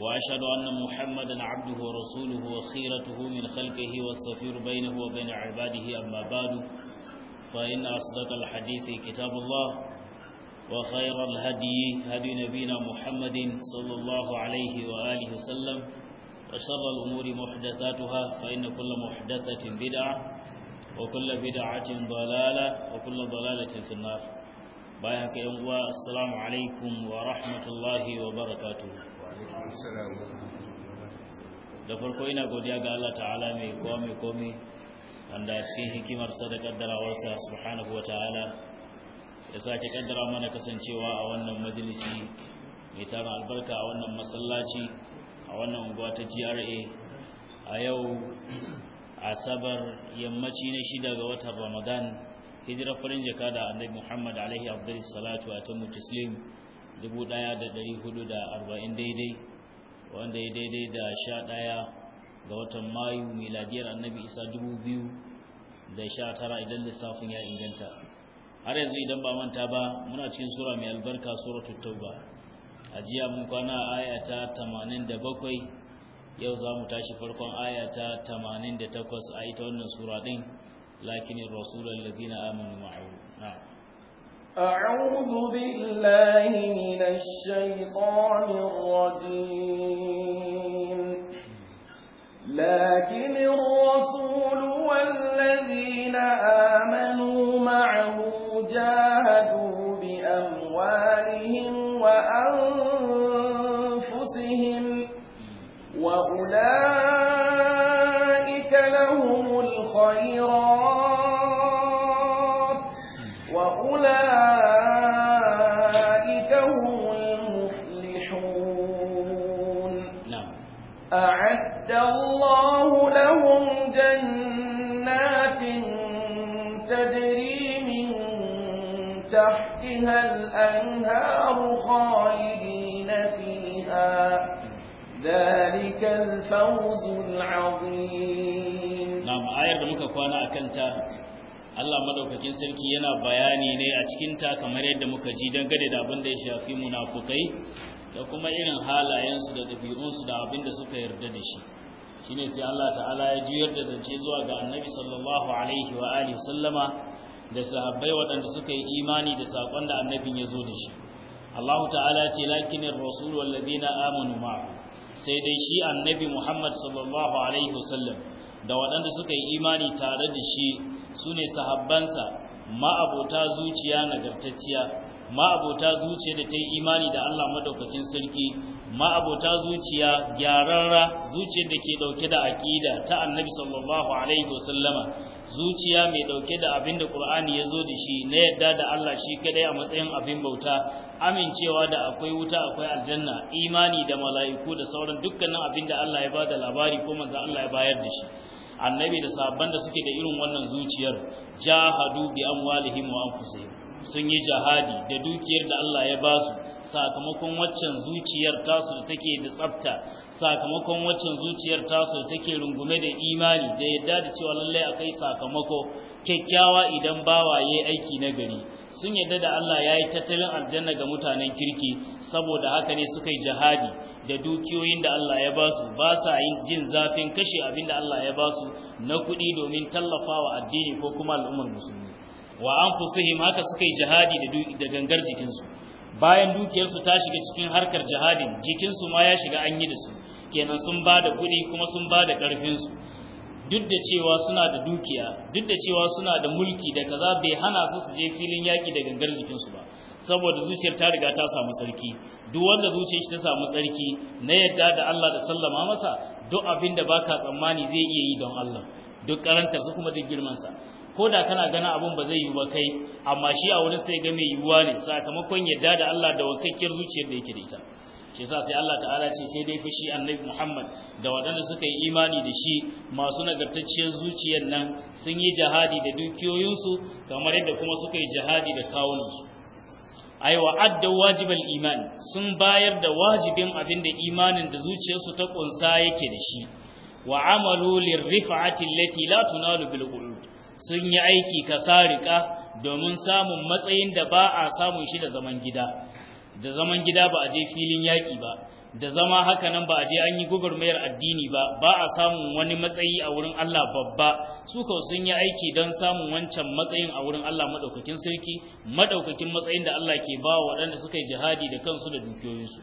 وأشهد أن محمدا عبده ورسوله وخيرته من خلقه والصفير بينه وبين عباده أما بعد فإن أصدق الحديث كتاب الله وخير الهدي هدي نبينا محمد صلى الله عليه وآله وسلم وشر الأمور محدثاتها فإن كل محدثة بدعة وكل بدعة ضلالة وكل ضلالة في النار بايعك يا السلام عليكم ورحمة الله وبركاته da farko ina godiya ga Allah ta'ala mai komi mai komi wanda cikin hikimar da kaddarawarsa subhanahu wa ta'ala ya sake kaddara mana kasancewa a wannan majalisi mai tara albarka a wannan masallaci a wannan unguwa ta GRA a yau asabar yammaci na shida ga wata Ramadan hijirar farin jaka da annabi Muhammad alaihi abdullahi salatu wa tamu taslim 1440 daidai wanda ya daidai da 11 ga watan mayu miladiyar annabi isa 2019 idan lissafin ya inganta har yanzu idan ba manta ba muna cikin sura mai albarka sura tuttauba. a jiya mun kwana aya ta 87 yau za mu tashi farkon aya ta 88 a ita wannan sura din lakin rasulul na aminu ma'ahu na'am أعوذ بالله من الشيطان الرجيم لكن الرسول والذين آمنوا معه جاهدوا بأموالهم وأنفسهم الفوز da muka kwana kan ta Allah madaukakin sarki yana bayani ne a cikin ta kamar yadda muka ji dangane da abin da ya shafi munafukai da kuma irin halayensu da dabi'unsu da abin da suka yarda da shi shine sai Allah ta'ala ya juyar da zance zuwa ga Annabi sallallahu alaihi wa alihi sallama da sahabbai waɗanda suka yi imani da sakon da annabin ya zo da shi Allah ta'ala ce lakinin rasul wallazina amanu ma'a sai dai shi annabi Muhammad sallallahu alaihi wasallam da waɗanda suka yi imani tare da shi su ne sahabbansa ma'abota zuciya nagartacciya ma'abota zuciya da ta yi imani da Allah madaukakin sarki ma'abota zuciya gyararra zuciyar da ke dauke da aƙida ta annabi sallallahu alaihi wasallama zuciya mai dauke da abin da Qur'ani ya zo da shi na yadda da Allah shi kadai a matsayin abin bauta amincewa da akwai wuta akwai aljanna imani da mala'iku da sauran dukkanin abin da Allah ya ba da labari ko manzo Allah ya bayar da shi annabi da sahabban da suke da irin wannan zuciyar jahadu bi amwalihim wa anfusihim sun yi jihadi da dukiyar da Allah ya ba su sakamakon waccan zuciyar tasu da take da tsafta sakamakon waccan zuciyar tasu da take rungume da imani da yadda da cewa lallai akai sakamako kyakkyawa idan bawa yi aiki na gari sun yadda da Allah ya yi tattalin aljanna ga mutanen kirki saboda haka ne suka yi jihadi da dukiyoyin da Allah ya ba su ba sa yin jin zafin kashe abin da Allah ya ba su na kuɗi domin tallafawa addini ko kuma al'ummar musulmi wa an anfusihim haka suka yi jihadi da gangar jikinsu bayan dukiyarsu ta shiga cikin harkar jihadin jikinsu ma ya shiga an yi da su kenan sun ba da kuɗi kuma sun ba da ƙarfinsu duk da cewa suna da dukiya duk da cewa suna da mulki da kaza bai hana su su je filin yaƙi da gangar jikinsu ba saboda zuciyar ta riga ta samu tsarki duk wanda zuciyar ta samu tsarki na yadda da Allah da sallama masa duk abin da baka tsammani zai iya yi don Allah duk karantar su kuma duk girman sa ko da kana ganin abun ba zai yi ba kai amma shi a wurin sai ga mai yiwuwa ne sakamakon yadda da Allah da wakakkiyar zuciyar da yake da ita shi yasa sai Allah ta'ala ce sai dai fushi annabi Muhammad da waɗanda suka yi imani da shi masu nagartacciyar zuciyar nan sun yi jihadi da dukiyoyinsu kamar yadda kuma suka yi jihadi da su ai wa adda wajibal iman sun bayar da wajibin abin da imanin da zuciyarsu ta kunsa yake da shi wa amalu lirrifati allati la tunalu bil sun yi aiki kasarika domin samun matsayin da ba a samun shi da zaman gida da zaman gida ba a je filin yaƙi ba da zama haka nan ba a je an yi gugurmayar addini ba ba a samun wani matsayi a wurin Allah babba su kau sun yi aiki don samun wancan matsayin a wurin Allah madaukakin sarki madaukakin matsayin da Allah ke ba waɗanda suka yi jihadi da kansu da dukiyoyinsu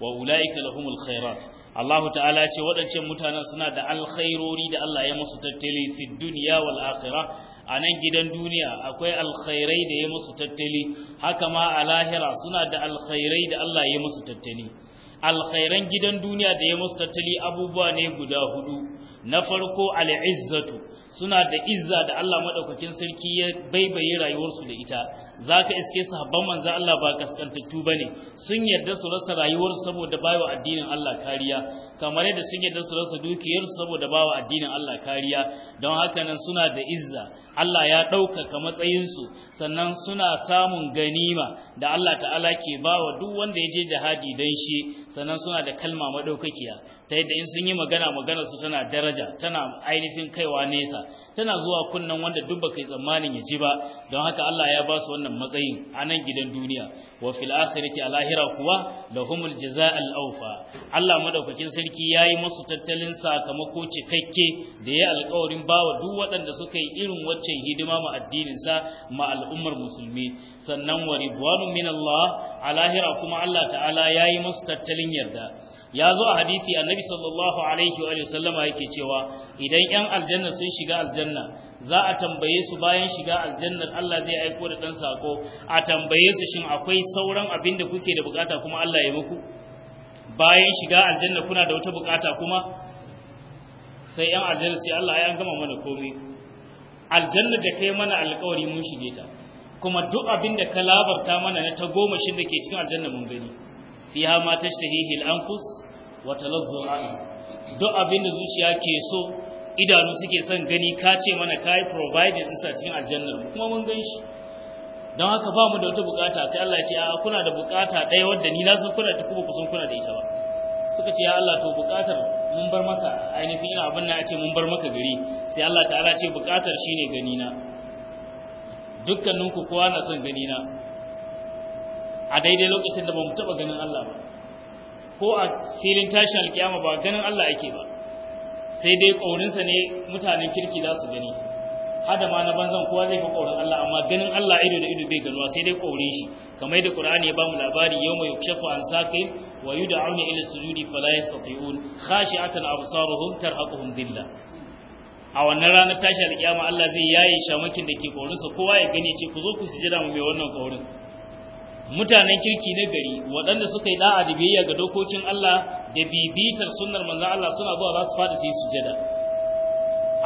wa ulaika lahumul khairat Allahu ta'ala ce waɗancan mutanen suna da alkhairori da Allah ya musu tattali fi dunya wal akhirah a nan gidan duniya akwai alkhairai da ya musu tattali haka ma a lahira suna da alkhairai da Allah ya musu tattali alkhairan gidan duniya da ya musu tattali abubuwa ne guda hudu na farko al'izzatu suna da izza da Allah madaukakin sarki ya baibaye rayuwarsu da ita zaka iske su habban manzo Allah ba kaskantattu bane sun yarda su rasa rayuwarsu saboda bawa addinin Allah kariya kamar yadda sun yarda su rasa dukiyarsu saboda bawa addinin Allah kariya don haka nan suna da izza Allah ya ɗaukaka matsayinsu sannan suna samun ganima da Allah ta'ala ke bawa duk wanda ya je da haji don shi sannan suna da kalma maɗaukakiya ta yadda in sun yi magana magana su tana daraja tana ainihin kaiwa nesa tana zuwa kunnen wanda duk baka yi tsammanin ya ji ba don haka Allah ya ba su wannan matsayin a nan gidan duniya wa fil akhirati a lahira kuwa lahumul al awfa Allah madaukakin sarki yayi musu tattalin sakamako cikakke da ya alƙawarin bawa duk waɗanda suka yi irin waccan hidima ma addinin sa ma al'ummar musulmi sannan wa ridwanu Minallah, a lahira kuma Allah ta'ala yayi musu tattalin yarda ya zo a hadisi annabi sallallahu alaihi wa sallama yake cewa idan yan aljanna sun shiga aljanna za a tambaye su bayan shiga aljannar Allah zai aiko da dan sako a tambaye su shin akwai sauran abin da kuke da bukata kuma Allah ya muku bayan shiga aljanna kuna da wata bukata kuma sai yan aljanna sai Allah ya gama mana komai aljanna da kai mana alƙawari mun shige ta kuma duk abin da ka labarta mana na ta goma shi da ke cikin aljanna mun gani fiha ma tashtahihi al-anfus Wata talazzul ayn duk abin da zuciya ke so idanu suke son gani ka ce mana kai provided din sa cikin aljannar kuma mun gan shi don haka ba mu da wata bukata sai Allah ya ce a kuna da bukata ɗaya wadda ni na san kuna ta kuma kusan kuna da ita ba suka ce ya Allah to bukatar mun bar maka ainihin ina abin na ce mun bar maka gari sai Allah ta'ala ce bukatar shine gani na dukkaninku kowa na son gani na a daidai lokacin da ba mu taɓa ganin Allah ba ko a filin tashin alkiyama ba ganin Allah yake ba sai dai ƙaurinsa ne mutanen kirki za su gani hada ma na banzan kowa zai fi ƙaurin Allah amma ganin Allah ido da ido bai ganuwa sai dai ƙaurin shi kamar da Qur'ani ya bamu labari yau mai yukshafu an saqi wa yud'auna ila sujudi fala yastati'un khashi'atan absaruhum tarhaquhum dhillah a wannan ranar tashi alkiyama Allah zai yaye shamakin da ke ƙaurinsa kowa ya gani ce ku zo ku sujada mu mai wannan ƙaurin mutanen kirki na gari waɗanda suka yi da'a da biyayya ga dokokin Allah da bibitar sunnar manzon Allah suna zuwa za su fada su yi sujada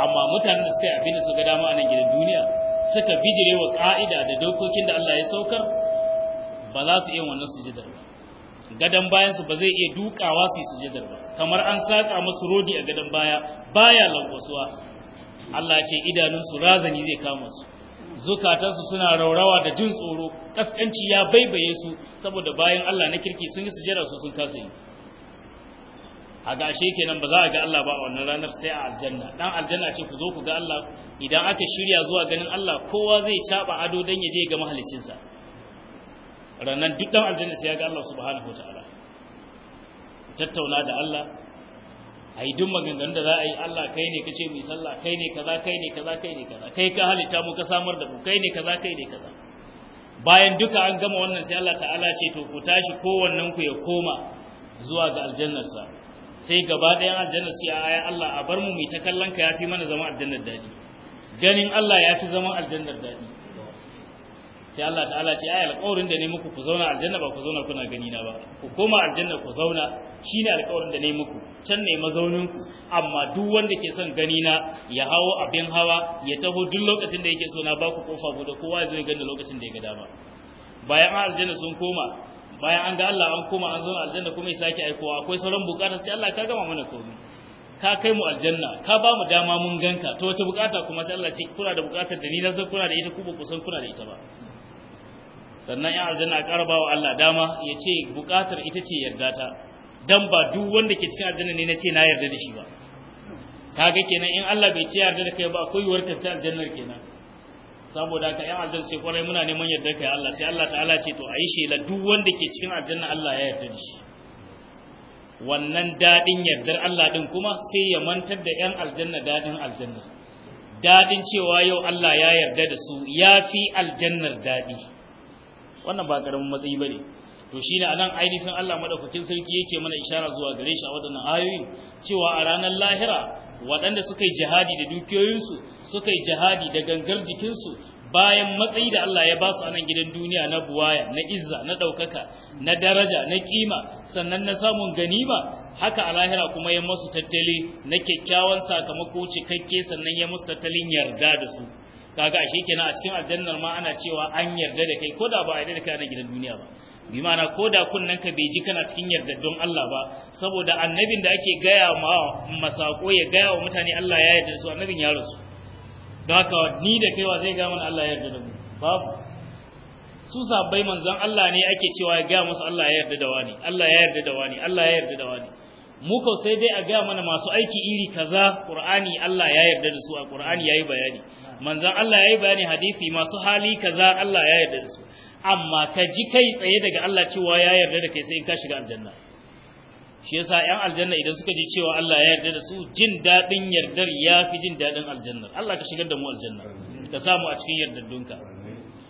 amma mutanen da suka yi abin da suka dama a nan gidan duniya suka bijire wa ka'ida da dokokin da Allah ya saukar ba za su iya wannan sujada gadan bayan su ba zai iya dukawa su yi sujadar ba kamar an saka musu rodi a gadan baya baya lankwasuwa Allah ce idanunsu razani zai kama su zukatansu suna raurawa da jin tsoro kaskanci ya baibaye su saboda bayan Allah na kirki sun yi sujjada su sun kasa yi a gashe kenan ba za a ga Allah ba a wannan ranar sai a aljanna dan aljanna ce ku zo ku ga Allah idan aka shirya zuwa ganin Allah kowa zai caba ado dan ya je ga mahalicinsa ranan duk dan aljanna sai ya ga Allah subhanahu wataala tattauna da Allah a yi duk maganganun da za a yi Allah kai ne ka ce sallah kai ne kaza kai ne kaza kai ne kaza kai ka halitta mu ka samar da mu kai ne kaza kai ne kaza bayan duka an gama wannan sai Allah ta'ala ce to ku tashi kowannen ku ya koma zuwa ga aljannarsa sai gaba ɗayan aljannar sai aya Allah a bar mu mu ta kallon ka yafi mana zama aljannar daɗi ganin Allah yafi zama aljannar daɗi sai Allah ta'ala ce ayi alƙawarin da ne muku ku zauna aljanna ba ku zauna kuna gani na ba ku koma aljanna ku zauna shine alƙawarin da ne muku can ne mazaunin ku amma duk wanda ke son gani na ya hawo abin hawa ya taho duk lokacin da yake so na ba ku kofa bude kowa zai gani lokacin da ya ga dama bayan aljanna sun koma bayan an ga Allah an koma an zauna aljanna kuma ya sake aikowa akwai sauran bukata sai Allah ka gama mana komai ka kai mu aljanna ka ba mu dama mun ganka to wata bukata kuma sai Allah ce kuna da bukatar da ni na san kuna da ita ku ba ku san kuna da ita ba sannan yan aljanna a ƙara wa Allah dama ya ce buƙatar ita ce yarda ta don ba duk wanda ke cikin aljanna ne na ce na yarda da shi ba kaga kenan in Allah bai ce yarda da kai ba akwai yiwuwar ka aljannar kenan saboda ka yan aljanna sai kwarai muna neman yarda kai Allah sai Allah ta'ala ce to a ayi shela duk wanda ke cikin aljanna Allah ya yarda da shi wannan dadin yardar Allah din kuma sai ya mantar da yan aljanna dadin aljanna dadin cewa yau Allah ya yarda da su ya fi aljannar dadi wannan ba karamin matsayi bane to shine anan ainihin Allah madaukakin sarki yake mana ishara zuwa gare shi a wadannan ayoyin cewa a ranar lahira waɗanda suka yi jihadi da dukiyoyinsu suka yi jihadi da gangar jikinsu bayan matsayi da Allah ya ba su a nan gidan duniya na buwaya na izza na ɗaukaka na daraja na kima sannan na samun ganima haka a lahira kuma ya musu tattali na kyakkyawan sakamako cikakke sannan ya musu tattalin yarda da su kaga ashe kenan a cikin aljannar ma ana cewa an yarda da kai koda ba a yarda da kai a gidan duniya ba bi ma'ana koda kunnen ka bai ji kana cikin yardaddon Allah ba saboda annabin da ake gaya ma masako ya gaya wa mutane Allah ya yarda da su annabin ya rasu don haka ni da kai wa zai gaya mana Allah ya yarda da mu babu su sabbai manzon Allah ne ake cewa ya gaya musu Allah ya yarda da wani Allah ya yarda da wani Allah ya yarda da wani mu ko sai dai a gaya mana masu aiki iri kaza Qur'ani Allah ya yarda da su a Qur'ani yayi bayani manzon Allah yayi bayani hadisi masu hali kaza Allah ya yarda da su amma ka ji kai tsaye daga Allah cewa ya yarda da kai sai in ka shiga aljanna shi yasa ƴan aljanna idan suka ji cewa Allah ya yarda da su jin dadin yardar yafi jin dadin aljanna Allah ka shigar da mu aljanna ka samu a cikin yardaddunka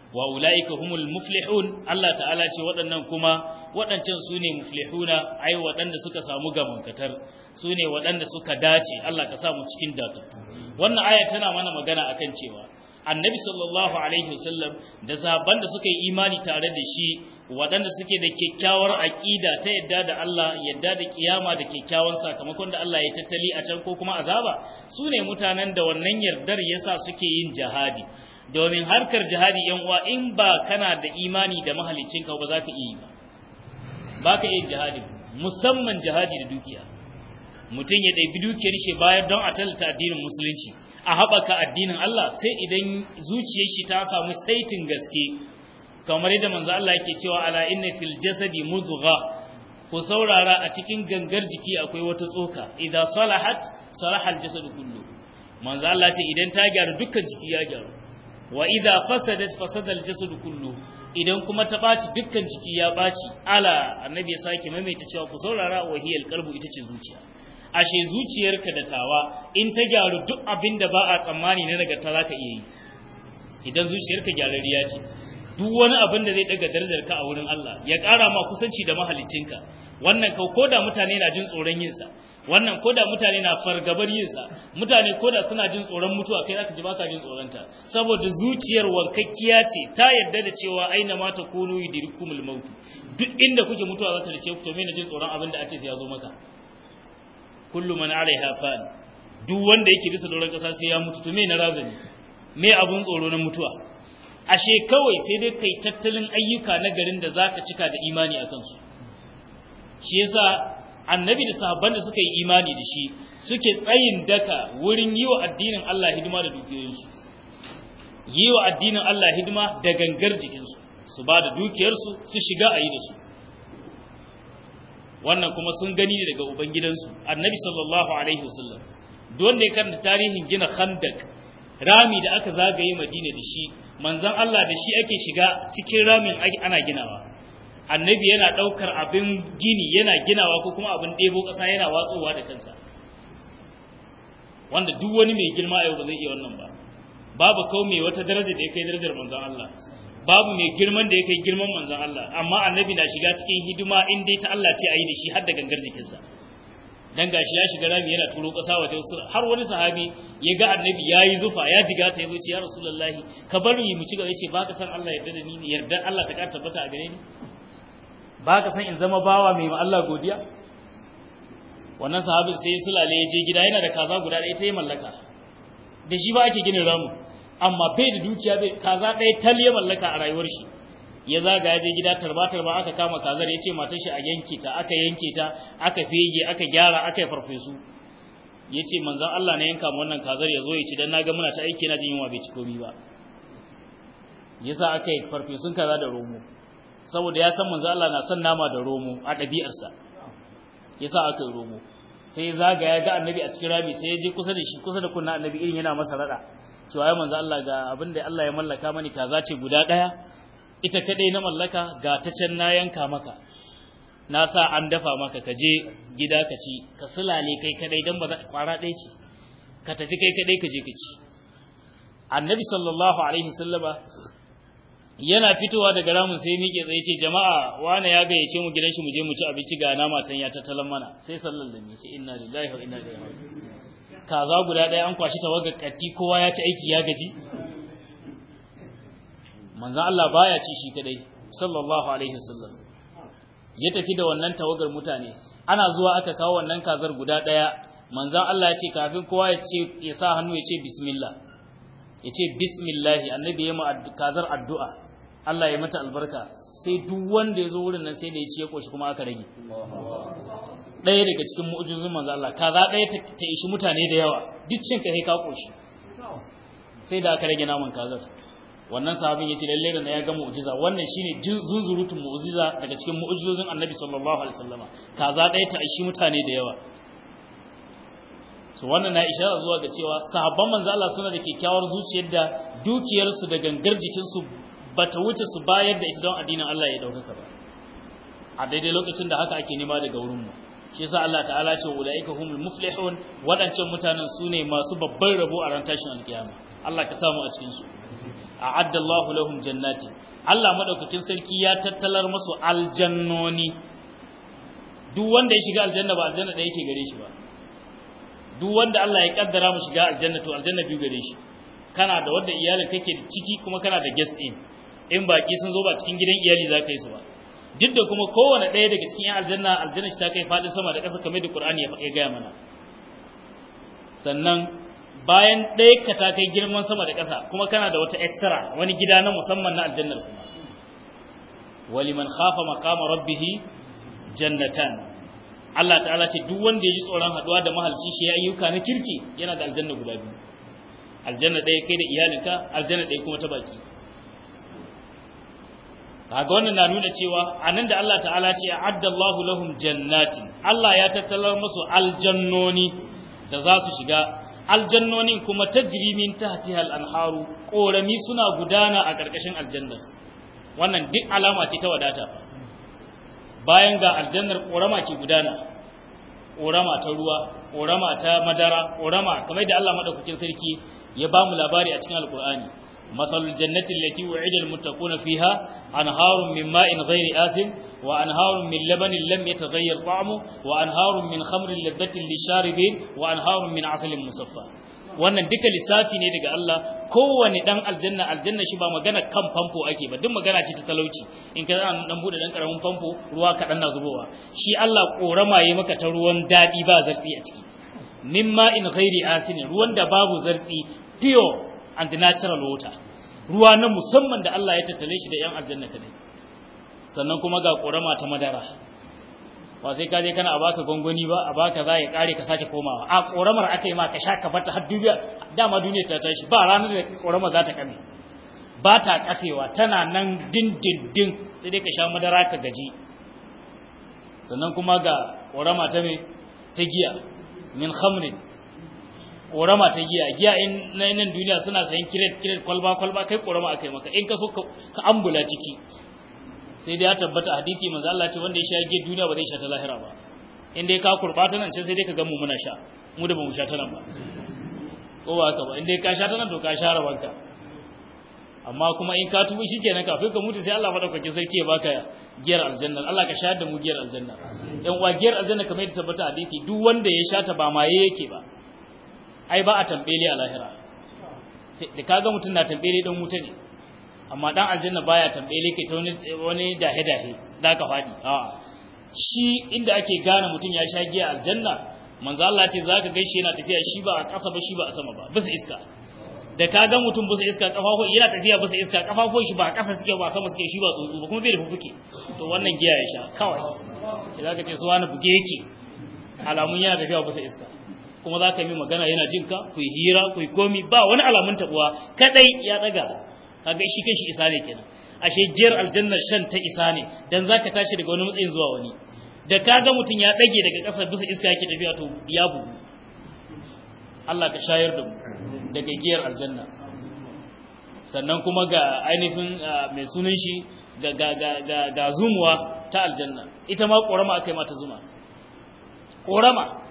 wa ulaika humul muflihun Allah ta'ala ce waɗannan kuma waɗancan su ne muflihuna ai waɗanda suka samu gamankatar su ne waɗanda suka dace Allah ka samu cikin datattu wannan aya tana mana magana akan cewa annabi sallallahu alaihi wasallam da sahabban da suka yi imani tare da shi waɗanda suke da kyakkyawar aƙida ta yadda da Allah yadda da ƙiyama da kyakkyawar sakamakon da Allah ya tattali a can ko kuma azaba su ne mutanen da wannan yardar yasa suke yin jihadi domin harkar jihadi yan uwa in ba kana da imani da mahalicinka ba za ka iya yi ba ba ka iya jihadi musamman jihadi da dukiya mutum ya ɗabi dukiyar shi bayar don a tallata addinin musulunci a haɓaka addinin Allah sai idan zuciyar shi ta samu saitin gaske kamar yadda manzo Allah yake cewa ala inna fil jasadi mudgha ku saurara a cikin gangar jiki akwai wata tsoka idan salahat salaha al jasad kullu manzo Allah ce idan ta gyaru dukkan jiki ya gyaru wa idan fasadat fasada al jasad kullu idan kuma ta ɓaci dukkan jiki ya baci ala annabi ya sake maimaita cewa ku saurara wahiyal qalbu ita ce zuciya ashe zuciyarka da tawa in ta gyaru duk abin da ba a tsammani na nagarta za ka iya yi idan zuciyarka gyararriya ce duk wani abin da zai daga darajarka a wurin Allah ya ƙara ma kusanci da mahalicinka wannan ka ko da mutane na jin tsoron yinsa wannan ko da mutane na fargabar yinsa mutane ko da suna jin tsoron mutuwa kai zaka ji baka jin tsoron ta saboda zuciyar wankakkiya ce ta yarda da cewa aina ma ta kunu yudirkumul maut duk inda kuke mutuwa zaka rike ku to me ne jin tsoron abin da ake ya zo maka kullu man alaiha fan duk wanda yake bisa doron kasa sai ya mutu to me na razani me abun tsoro na mutuwa ashe kawai sai dai kai tattalin ayyuka na garin da zaka cika da imani a kansu shi yasa annabi da sahabban da suka yi imani da shi suke tsayin daka wurin yi wa addinin Allah hidima da dukiyarsu, yi wa addinin Allah hidima da gangar jikinsu su ba da dukiyarsu su shiga ayi da su wannan kuma sun gani ne daga ubangidansu annabi sallallahu alaihi wasallam don ne karanta tarihin gina khandak rami da aka zagaye madina da shi manzon Allah da shi ake shiga cikin ramin ana ginawa annabi yana daukar abin gini yana ginawa ko kuma abin ɗebo ƙasa yana watsowa da kansa wanda duk wani mai girma yau ba zai iya wannan ba babu kau wata daraja da ya kai darajar manzon Allah babu mai girman da ya kai girman manzon Allah amma annabi na shiga cikin hidima in dai ta Allah ce ayi da shi har da gangar jikinsa dan gashi ya shiga rami yana turo kasa waje har wani sahabi ya ga annabi yayi zufa ya jiga ta yazo ce ya rasulullahi ka bar mu ci gaba yace baka san Allah yarda da ni yarda Allah ta kara tabbata a gare ni baka san in zama bawa mai ma Allah godiya wannan sahabin sai sulale ya je gida yana da kaza guda da ita ya mallaka da shi ba ake ginin ramu amma bai da dukiya bai kaza ɗaya tal ya mallaka a rayuwar shi ya zaga ya je gida tarba tarba aka kama kazar ya ce matar shi a yanke ta aka yanke ta aka fege aka gyara aka farfesu ya ce manzon Allah na yanka mu wannan kazar ya zo ya ci dan na ga muna ta aiki na jin yunwa bai ci komai ba yasa aka yi farfesun kaza da romo saboda ya san manzon Allah na son nama da romo a ɗabi'arsa yasa aka yi romo sai zaga ya ga annabi a cikin rami sai ya je kusa da shi kusa da kunna annabi irin yana masa rada cewa ya manzo Allah ga abin da Allah ya mallaka mani kaza ce guda daya ita kadai na mallaka ga ta can na yanka maka na sa an dafa maka ka je gida ka ci ka sulale kai kadai dan ba kwara ɗaya ce ka tafi kai kadai ka je ka ci annabi sallallahu alaihi wasallama yana fitowa daga ramin sai miƙe tsaye ce jama'a wani ya gayyace mu gidan shi mu je mu ci abinci ga nama san ya tattalan mana sai sallallahu alaihi wasallam ce inna lillahi wa inna ilaihi raji'un kaza guda ɗaya an kwashi tawagar kati kowa ya ci aiki ya gaji manzan Allah baya ci shi kadai sallallahu alaihi wasallam ya tafi da wannan tawagar mutane ana zuwa aka kawo wannan kazar guda ɗaya manzan Allah ya ce kafin kowa ya ce ya sa hannu ya ce bismillah ya ce bismillah annabi ya ma kazar addu'a Allah ya mata albarka sai duk wanda ya zo wurin nan sai da ya ci ya koshi kuma aka rage ɗaya daga cikin mu'ujizun manzo Allah kaza ɗaya ta ishi mutane da yawa duk cin ka sai ka koshi sai da aka rage naman kazar wannan sahabin yace lalle da ya ga mu'ujiza. wannan shine zunzurutun mu'ujiza daga cikin mu'jizozin Annabi sallallahu alaihi wasallama kaza ɗaya ta ishi mutane da yawa so wannan na ishara zuwa ga cewa sahabban manzo Allah suna da kyakkyawar zuciyar da dukiyarsu da gangar jikinsu bata wuce su bayar da ita don addinin Allah ya daukaka ba a daidai lokacin da haka ake nema daga wurin mu shi yasa Allah ta'ala ce ulaika humul muflihun wadancan mutanen sune masu babban rabo a ran tashin alkiyama Allah ka samu a cikin su a'adda Allahu lahum jannati Allah madaukakin sarki ya tattalar musu aljannoni duk wanda ya shiga aljanna ba aljanna da yake gare shi ba duk wanda Allah ya kaddara mu shiga aljanna to aljanna biyu gare shi kana da wanda iyalin kake da ciki kuma kana da guest in in baki sun zo ba cikin gidan iyali za ka yi su ba duk da kuma kowane ɗaya daga cikin aljanna aljanna ta kai faɗin sama da ƙasa kamar da Qur'ani ya faɗi gaya mana sannan bayan ɗaya ka ta kai girman sama da ƙasa kuma kana da wata extra wani gida na musamman na aljannar kuma waliman khafa maqama rabbih jannatan Allah ta'ala ce duk wanda ya ji tsoron haɗuwa da mahalci shi ya ayyuka na kirki yana da aljanna guda biyu aljanna ɗaya kai da iyalinka aljanna ɗaya kuma ta baki kaga wannan na nuna cewa anan da Allah ta'ala ce addallahu lahum jannatin Allah ya tattalar musu aljannoni da za su shiga aljannonin kuma tajri min tahtiha al-anharu korami suna gudana a ƙarƙashin aljanna wannan duk alama ce ta wadata bayan ga aljannar korama ke gudana korama ta ruwa korama ta madara korama kamar da Allah madaukakin sarki ya bamu labari a cikin alqur'ani مثل الجنة التي وعد المتقون فيها أنهار من ماء غير آثم وأنهار من لبن لم يتغير طعمه وأنهار من خمر لذة للشاربين وأنهار من عسل مصفى wannan duka lissafi ne daga Allah kowane dan aljanna aljanna shi ba magana kan famfo ake ba duk magana ce ta talauci in ka zan dan bude dan karamin famfo ruwa kaɗan na zubowa shi Allah korama yayi maka ta ruwan dadi ba zartsi a ciki mimma in ghairi asini ruwan da babu zartsi pure and natural water ruwa na musamman da Allah ya tattale shi da ƴan aljanna kadai sannan kuma ga ƙorama ta madara ba sai ka je kana a baka gongoni ba a baka za ya kare ka sake komawa a ƙoramar aka yi ma ka sha ka bata har duniya dama duniya ta tashi ba ranar da ƙorama za ta kame ba ta kafewa tana nan dindindin sai dai ka sha madara ka gaji sannan kuma ga ƙorama ta me ta giya min khamrin korama ta giya giya in na nan duniya suna sayan kiret kiret kwalba kwalba kai korama akai maka in ka so ka ambula ciki sai dai ya tabbata hadisi manzo Allah ce wanda ya sha giya duniya ba zai sha ta lahira ba in dai ka kurbata nan sai dai ka ga mu muna sha mu da ba mu sha ta nan ba ko ba ka ba in dai ka sha ta nan to ka sha rabanka amma kuma in ka tubu shikenan kafin ka mutu sai Allah madaukakin sarki ya baka giyar aljanna Allah ka shahada mu giyar aljanna dan wa giyar aljanna kamar yadda tabbata hadisi duk wanda ya sha ta ba maye yake ba ai ba a tambeli a lahira da kaga mutum na tambeli dan wuta ne amma dan aljanna baya tambeli kai ta wani wani dahe dahe zaka fadi a'a shi inda ake gane mutum ya sha giya aljanna manzo Allah ce zaka gaishe yana tafiya shi ba a ƙasa ba shi ba a sama ba bisa iska da kaga mutum bisa iska kafafo yana tafiya bisa iska kafafo shi ba a ƙasa suke ba sama suke shi ba tsotsu ba kuma bai da fufuke to wannan giya ya sha kawai zaka ce su wani buge yake alamun yana tafiya bisa iska kuma za ka yi magana yana jin ka ku yi hira ku yi komi ba wani alamun tabuwa kadai ya daga kaga shi kanshi isa ne kenan ashe giyar aljannar shan ta isa ne dan za ka tashi daga wani matsayin zuwa wani da ka ga mutum ya dage daga ƙasa bisa iska yake tafiya to ya bugu Allah ka shayar da mu daga giyar aljanna sannan kuma ga ainihin mai sunan shi ga ga ga ga zumuwa ta aljanna ita ma korama akai mata zuma korama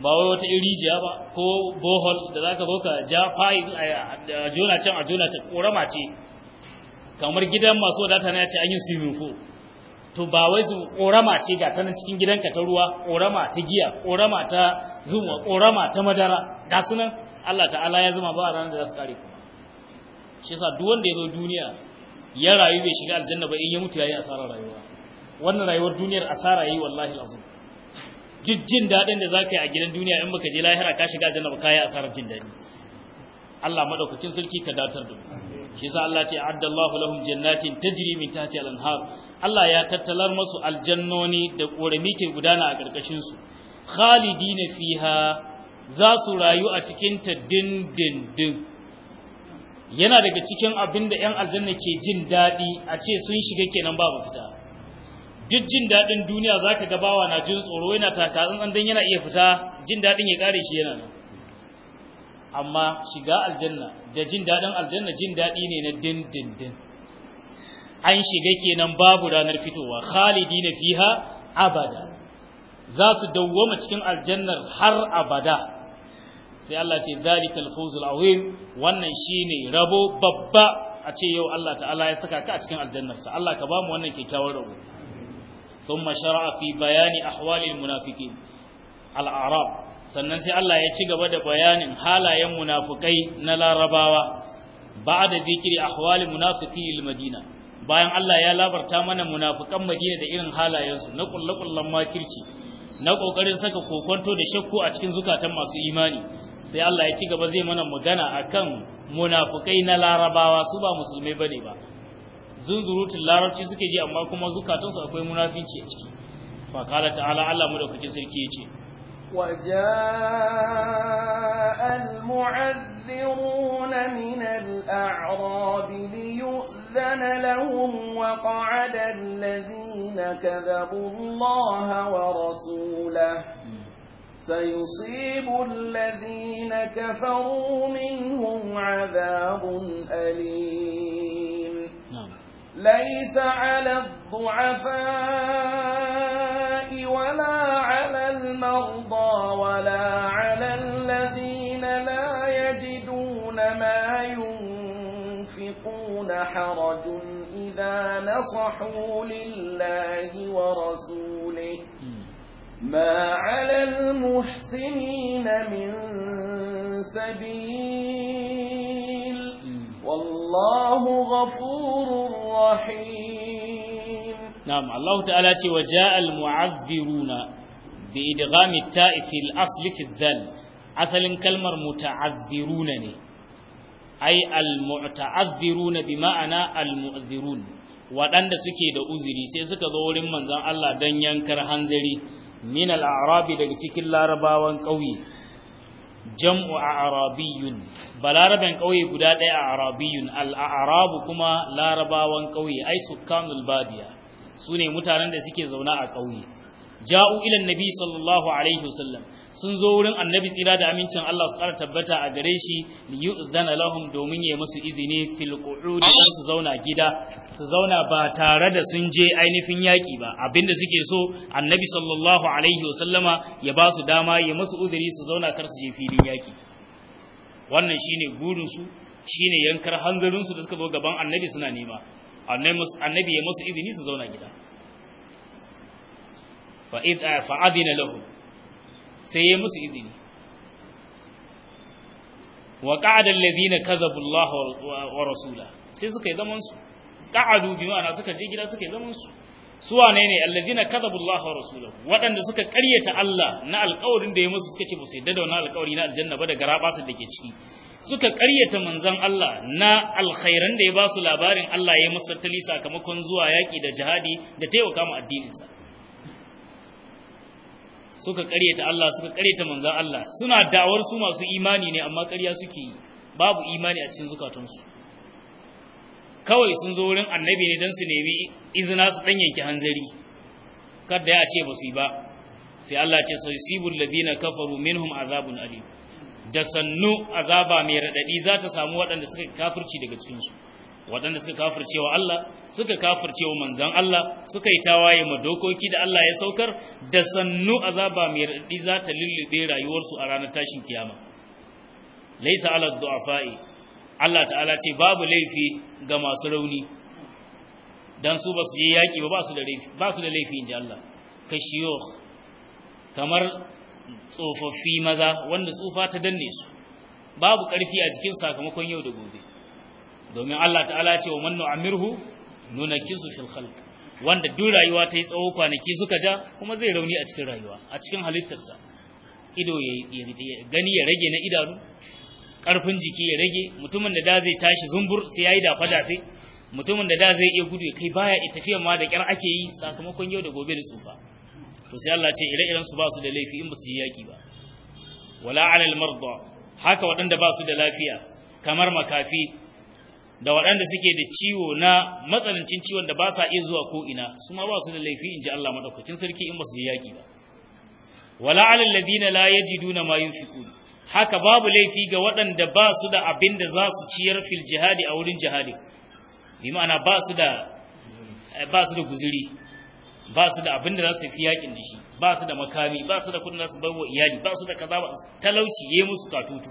ba wai wata irijiya ba ko bohol da zaka zo ka ja fayil a jonacin a jonacin korama ce kamar gidan masu wadata na yace an yi swimming pool to ba wai su korama ce ga ta cikin cikin ka ta ruwa korama ta giya korama ta zuma korama ta madara ga sunan Allah ta'ala ya zama ba a ranar da za su kare ku. shi yasa duk wanda ya zo duniya ya rayu bai shiga aljanna ba in ya mutu yayi asarar rayuwa wannan rayuwar duniyar asara yi wallahi azim duk daɗin da za ka yi a gidan duniya in baka je lahira ka shiga janna ba ka yi asarar jin daɗi Allah maɗaukakin sarki ka datar da shi yasa Allah ce addallahu lahum jannatin tajri min tahtiha al-anhar Allah ya tattalar masu aljannoni da korami ke gudana a karkashin su khalidina fiha za su rayu a cikin ta dindindin yana daga cikin abin da 'yan aljanna ke jin daɗi a ce sun shiga kenan babu fita duk jin daɗin duniya za ka gabawa na jin tsoro yana taka tsantsan yana iya fita jin daɗin ya ƙare shi yana nan amma shiga aljanna da jin daɗin aljanna jin daɗi ne na dindindin an shiga kenan babu ranar fitowa khalidi na fiha abada za su dawwama cikin aljannar har abada sai Allah ce zalikal fawzul azim wannan shine rabo babba a ce yau Allah ta'ala ya saka ka a cikin aljannarsa Allah ka ba mu wannan kyakkyawar rabo ثم شرع في بيان أحوال المنافقين sannan sai Allah ya ci gaba da bayanin halayen munafukai na larabawa ba da zikiri ahwalin munafiki bayan Allah ya labarta mana munafukan madina da irin halayensu na kullakullan makirci na kokarin saka kokonto da shakku a cikin zukatan masu imani sai Allah ya ci gaba zai mana magana akan munafukai na larabawa su ba musulmai bane ba zunzurutun larabci suke ji amma kuma zukatansu akwai munafici a ciki fa kala ta'ala Allah mu da kuke sarki yace wa al mu'adhdhiruna min al-a'rab li yu'dhana lahum wa qa'ada alladhina kadhabu Allah wa rasulahu سيصيب الذين كفروا منهم عذاب أليم ليس على الضعفاء ولا على المرضى ولا على الذين لا يجدون ما ينفقون حرج إذا نصحوا لله ورسوله ما على المحسنين من سبيل والله غفور رحيم نعم الله تعالى وجاء المعذرون بإدغام التاء في الأصل في الذل أصل كلمة متعذرون أي المتعذرون بمعنى المؤذرون waɗanda suke da uzuri sai suka zo wurin manzon Allah don yankar hanzari min al-arabi daga cikin larabawan ƙauye jam'u a arabiyun Balaraben ƙauye guda ɗaya a arabiyun al'arabu kuma larabawan ƙauye ai sukanul badiya su ne mutanen da suke zaune a ƙauye ja'u ila nabi sallallahu alaihi wasallam sun zo wurin annabi tsira da amincin Allah su kara tabbata a gare shi li yu'zana lahum domin ya musu izini fil qu'ud su zauna gida su zauna ba tare da sun je ainihin yaki ba abinda suke so annabi sallallahu alaihi wasallama ya ba su dama ya musu uzuri su zauna kar su je filin yaki wannan shine gurin su shine yankar hanzarin su da suka zo gaban annabi suna nema annabi ya musu izini su zauna gida fa'adina eh, lahu sai ya musu izini wa qa'ada alladhina kadhabu Allah wa rasula sai suka yi zaman su biyu bi ma'ana suka je gida suka yi zaman su su wane ne alladhina kadhabu Allah wa rasula waɗanda suka ƙaryata Allah na alƙawarin da ya musu suka ce ba su yadda da wannan alƙawari na aljanna ba da garaɓasa da ke ciki suka ƙaryata manzan Allah na alkhairan da ya ba su labarin Allah ya musu tattali sakamakon zuwa yaƙi da jihadi da taimaka ma addininsa suka karyata Allah suka karyata manzon Allah suna da'awar su masu imani ne amma ƙarya suke yi babu imani a cikin zukatunsu kawai sun zo wurin annabi ne dan su nemi izina su dan yanki hanzari kada ya ce basu yi ba sai Allah ce sai sibul ladina kafaru minhum azabun alim da sannu azaba mai radadi za ta samu waɗanda suka kafirci daga cikin su waɗanda suka kafirce wa Allah suka kafirce wa manzan Allah suka yi tawaye ma dokoki da Allah ya saukar da sannu azaba mai raɗi za ta lullube rayuwarsu a ranar tashin kiyama laisa ala du'afa'i Allah ta'ala ce babu laifi ga masu rauni dan su basu je yaki ba basu da laifi in da Allah kashiyokh kamar tsofaffi maza wanda tsufa ta danne su babu ƙarfi a jikin sakamakon yau da gobe domin Allah ta'ala ce wa mannu amirhu nuna kisu fil khalq wanda duk rayuwa ta yi tsawo kwanaki suka ja kuma zai rauni a cikin rayuwa a cikin halittarsa ido ya gani ya rage na idanu karfin jiki ya rage mutumin da da zai tashi zumbur sai yayi dafa dafe mutumin da da zai iya gudu kai baya ita tafiya ma da kyar ake yi sakamakon yau da gobe da tsufa to sai Allah ce ire-iren su ba su da laifi in ba su yi yaki ba wala alal marda haka waɗanda ba su da lafiya kamar makafi da waɗanda suke da ciwo na matsanancin ciwon da ba sa iya zuwa ko ina su ma ba su da laifi in ji Allah madaukakin sarki in ba su je yaki ba wala na ladina la yajiduna ma yunfiqun haka babu laifi ga waɗanda ba su da abin da za su ciyar fil jihadi a wurin jihadi bi ma'ana ba su da ba su da guzuri ba su da abin da za su fi yakin da shi ba su da makami ba su da kudin da su wa iyali ba su da kaza ba talauci yayi musu tatutu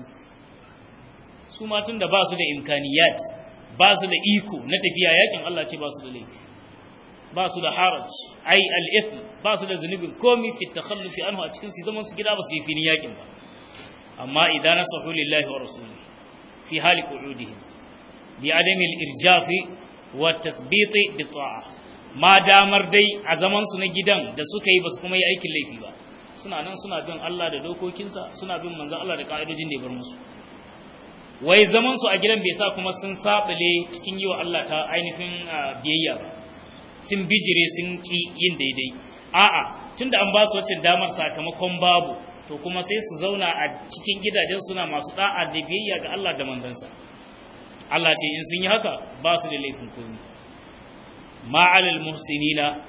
su ma tun da ba su da imkaniyat ba su da iko na tafiya yakin Allah ce ba su da laifi ba su da haraj ai al ba su da zunubin komi fi takhallufi anhu a cikin su zaman su gida ba su yi fini yakin ba amma idan nasahu lillahi wa rasulihi fi hali qu'udihim bi adami al-irjafi wa tathbit bi ta'a ma damar dai a zaman su na gidan da suka yi ba su kuma yi aikin laifi ba suna nan suna bin Allah da dokokinsa suna bin manzon Allah da ka'idojin da ya bar musu wai zaman su a gidan bai sa kuma sun sabale cikin yiwa wa Allah ta ainihin biyayya ba sun bijire sun ki yin daidai a'a tunda an ba su wacce damar sakamakon babu to kuma sai su zauna a cikin gidajen suna masu da'a da biyayya ga Allah da manzansa Allah ce in sun yi haka ba su da laifin komai ma'alal muhsinina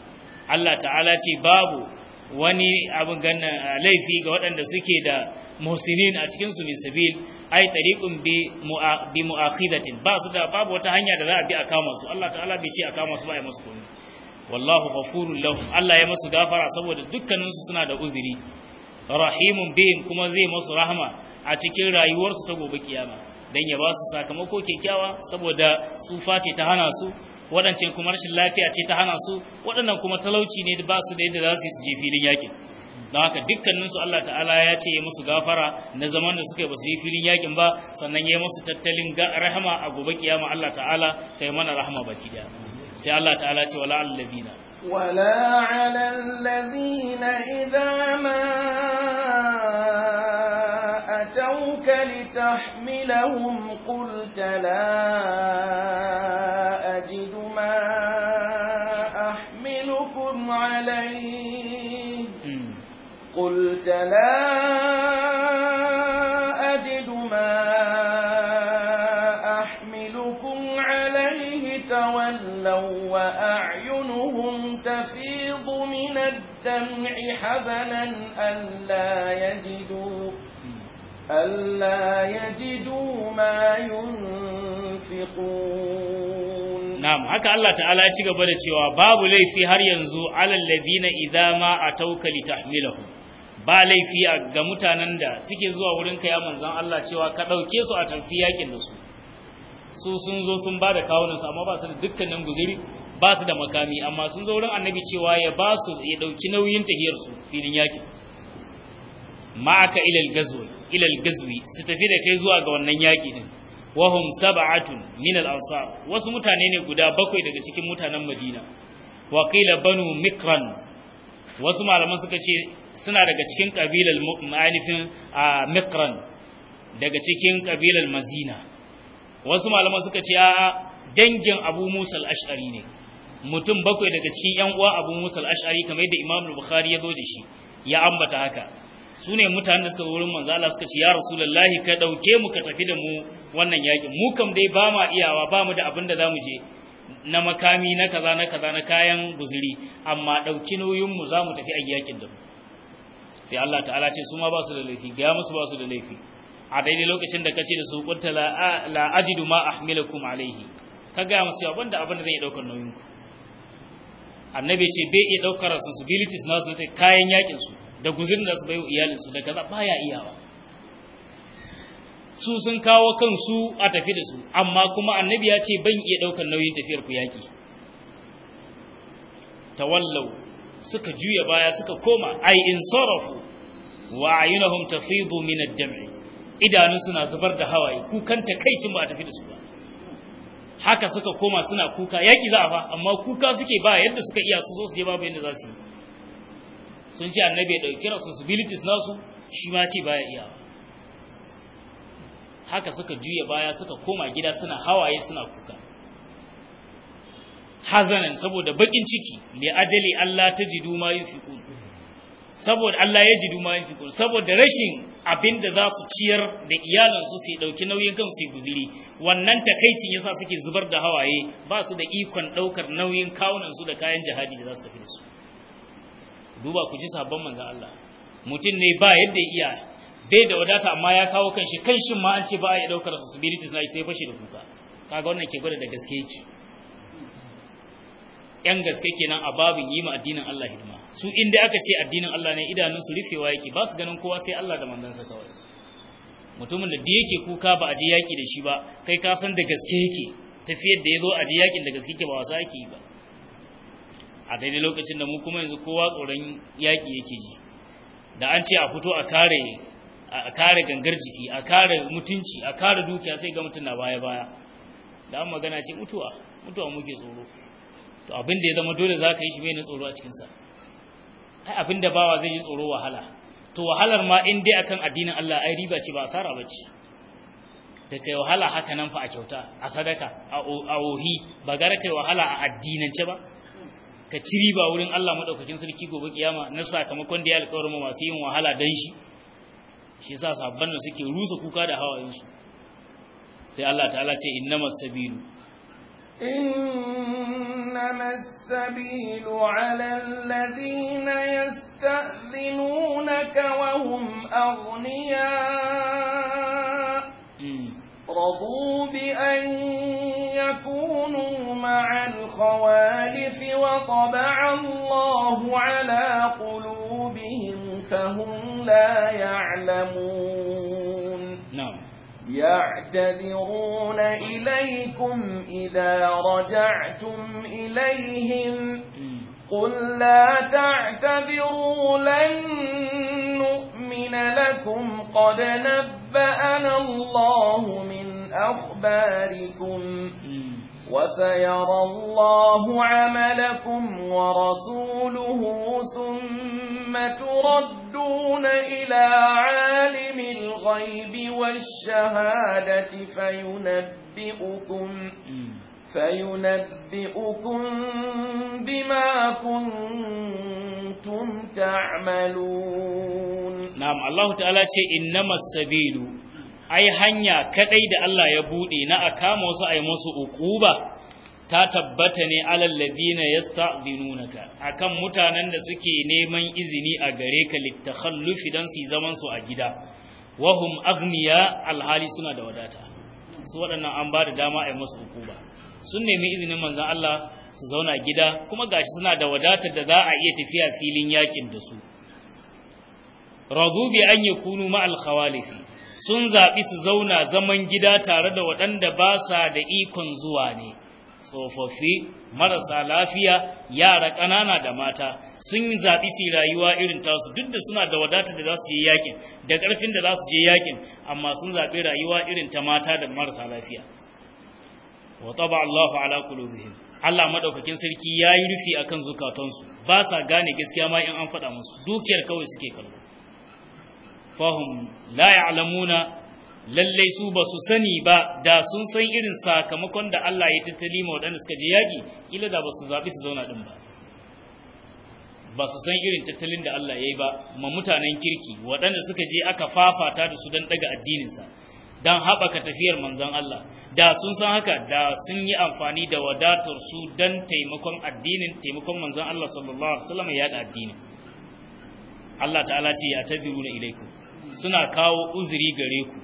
Allah ta'ala ce babu wani abin ganna laifi ga waɗanda suke da muhsinin a cikin su misabil ai tariqun bi bi mu'akhidatin ba su da babu wata hanya da za a bi a kama su Allah ta'ala bai ce a kama su ba ya musu komai wallahu ghafurul lahum Allah ya masu gafara saboda dukkanin suna da uziri. rahimun bin kuma zai masu rahama a cikin rayuwarsu ta gobe kiyama dan ya ba su sakamako kyakkyawa saboda tsufa ce ta hana su waɗance kuma rashin lafiya ce ta hana su waɗannan kuma talauci ne ba su da yadda za su je filin yakin don haka dukkanin su Allah ta'ala ya ce ya musu gafara na zaman da suka ba su yi filin yakin ba sannan ya musu tattalin rahama a gobe kiyama Allah ta'ala kai mana rahama baki daya sai Allah ta'ala ce wala allazina wala ala allazina idza ma أتوك لتحملهم قلت لا أجد ما أحملكم عليه قلت لا أجد ما أحملكم عليه تولوا وأعينهم تفيض من الدمع حزنا ألا يجدوا ألا يجدوا ما ينفقون نعم haka Allah ta'ala ya ci gaba da cewa babu laifi har yanzu alal ما أتوك ma ba laifi ga mutanen da suke zuwa wurin ka ya manzon Allah cewa ka dauke su a tafi yakin da su su sun zo sun bada kawunan su amma ba su da dukkanin guziri ba su da makami amma sun zo wurin annabi cewa ya ba su ya dauki nauyin tahiyar su filin yakin ma'aka ilal gazwi su tafi da kai zuwa ga wannan yaki din wahum sab'atun min al ansar wasu mutane ne guda bakwai daga cikin mutanen Madina wa qila banu mikran wasu malaman suka ce suna daga cikin kabilal ma'anifin a mikran daga cikin kabilal mazina wasu malaman suka ce a dangin abu musa al-ash'ari ne mutum bakwai daga cikin yan uwa abu musa al-ash'ari kamar yadda imam bukhari ya zo da shi ya ambata haka su ne mutanen da suka wurin manzo Allah suka ce ya rasulullahi ka dauke mu ka tafi da mu wannan yakin mu kam dai ba ma iyawa ba mu da abin da zamu je na makami na kaza na kaza na kayan guzuri amma dauki za mu zamu tafi a yakin da mu sai Allah ta'ala ce su ma ba su da laifi ga musu ba su da laifi a daidai lokacin da kace da su kunta la la ajidu ma ahmilakum alaihi ka ga musu abin da abin da zai daukar nauyin ku annabi ce bai iya daukar responsibilities su ta kayan yakin su da guzin da su bai wa iyalinsu da kaza baya iyawa su sun kawo kansu a tafi da su amma kuma annabi ya ce ban iya ɗaukar nauyin tafiyar ku yaki tawallau suka juya baya suka koma ai in sarafu wa ayunahum tafidu min ad-dam'i idanu suna zubar da hawaye kukan takeicin ba a tafi da su ba haka suka koma suna kuka yaki za a fa amma kuka suke ba yadda suka iya su zo su je babu yadda za su yi sun ce annabi ya ɗauki responsibilities nasu shi ma ce baya iya haka suka juya baya suka koma gida suna hawaye suna kuka hazanan saboda bakin ciki li adali Allah tajidu ma yunfiqun saboda Allah ya jidu ma yunfiqun saboda rashin abinda za su ciyar da iyalansu su dauki nauyin kansu su guzuri wannan takeicin yasa suke zubar da hawaye ba su da ikon daukar nauyin kawunan su da kayan jihadi da za su tafi da su duba ku ji sabon manzo Allah mutum ne ba yadda ya iya bai da wadata amma ya kawo kanshi kanshin ma an ce ba a yi daukar responsibility sai sai fashe da kuka kaga wannan ke gwada da gaske yake yan gaske kenan a babin yi ma addinin Allah hidima su inda aka ce addinin Allah ne idanun su rufewa yake ba su ganin kowa sai Allah da manzansa kawai mutumin da yake kuka ba a je yaki da shi ba kai ka san da gaske yake tafiyar da ya zo a ji yakin da gaske ke ba wasa yake yi ba a daidai lokacin da mu kuma yanzu kowa tsoron yaƙi yake ji da an ce a fito a kare a kare gangar jiki a kare mutunci a kare dukiya sai ga mutum na baya baya da an magana ce mutuwa mutuwa muke tsoro to abin da ya zama dole za ka yi shi mai na tsoro a cikinsa ai abin da bawa zai yi tsoro wahala to wahalar ma in dai akan addinin Allah ai riba ce ba asara ba ce da kai wahala haka nan fa a kyauta a sadaka a ohi ba gara kai wahala a addinance ba ka ciri ba wurin Allah madaukakin sarki gobe kiyama na sakamakon da ya alƙawarin ma masu yin wahala dan shi shi yasa sabban da suke rusa kuka da hawayen su sai Allah ta'ala ce innamas sabilu innamas sabilu 'ala alladhina yasta'zinunaka wa hum aghniya hmm. radu bi an تكونوا مع الخوالف وطبع الله على قلوبهم فهم لا يعلمون نعم يعتذرون إليكم إذا رجعتم إليهم قل لا تعتذروا لن نؤمن لكم قد نبأنا الله من أخباركم وسيرى الله عملكم ورسوله ثم تردون إلى عالم الغيب والشهادة فينبئكم فينبئكم بما كنتم تعملون نعم الله تعالى شيء إنما السبيل ai hanya kadai da Allah ya bude na a kama wasu ai musu ukuba ta tabbata ne alal ladina yasta'dinunaka akan mutanen da suke neman izini a gare ka litakhallufi dan su zaman su a gida wahum aghniya alhali suna da wadata su waɗannan an ba da dama ai musu ukuba sun nemi izinin manzon Allah su zauna gida kuma gashi suna da wadata da za a iya tafiya filin yakin da su radu bi an yakunu al khawalifi sun zaɓi su zauna zaman gida tare da waɗanda ba sa da ikon zuwa ne tsofaffi marasa lafiya yara ƙanana da mata sun zaɓi su rayuwa irin tasu duk da suna da wadata da za su je yakin da ƙarfin da za su je yakin amma sun zaɓi rayuwa irin ta mata da marasa lafiya Wata ba Allahu ala qulubihim Allah maɗaukakin sarki yayi rufi akan zukatansu ba sa gane gaskiya ma in an faɗa musu dukiyar kawai suke kalu. fahum la ya'lamuna lallai su ba su sani ba da sun san irin sakamakon da Allah ya tattali ma wadanda suka je yaƙi kila da ba su zaɓi su zauna ɗin ba ba su san irin tattalin da Allah ya yi ba ma mutanen kirki waɗanda suka je aka fafata da su don ɗaga addininsa don haɓaka tafiyar manzon Allah da sun san haka da sun yi amfani da wadatar su don taimakon addinin taimakon manzon Allah sallallahu alaihi wasallam ya da addinin Allah ta'ala ce ya na ilaikum suna kawo uzuri gare ku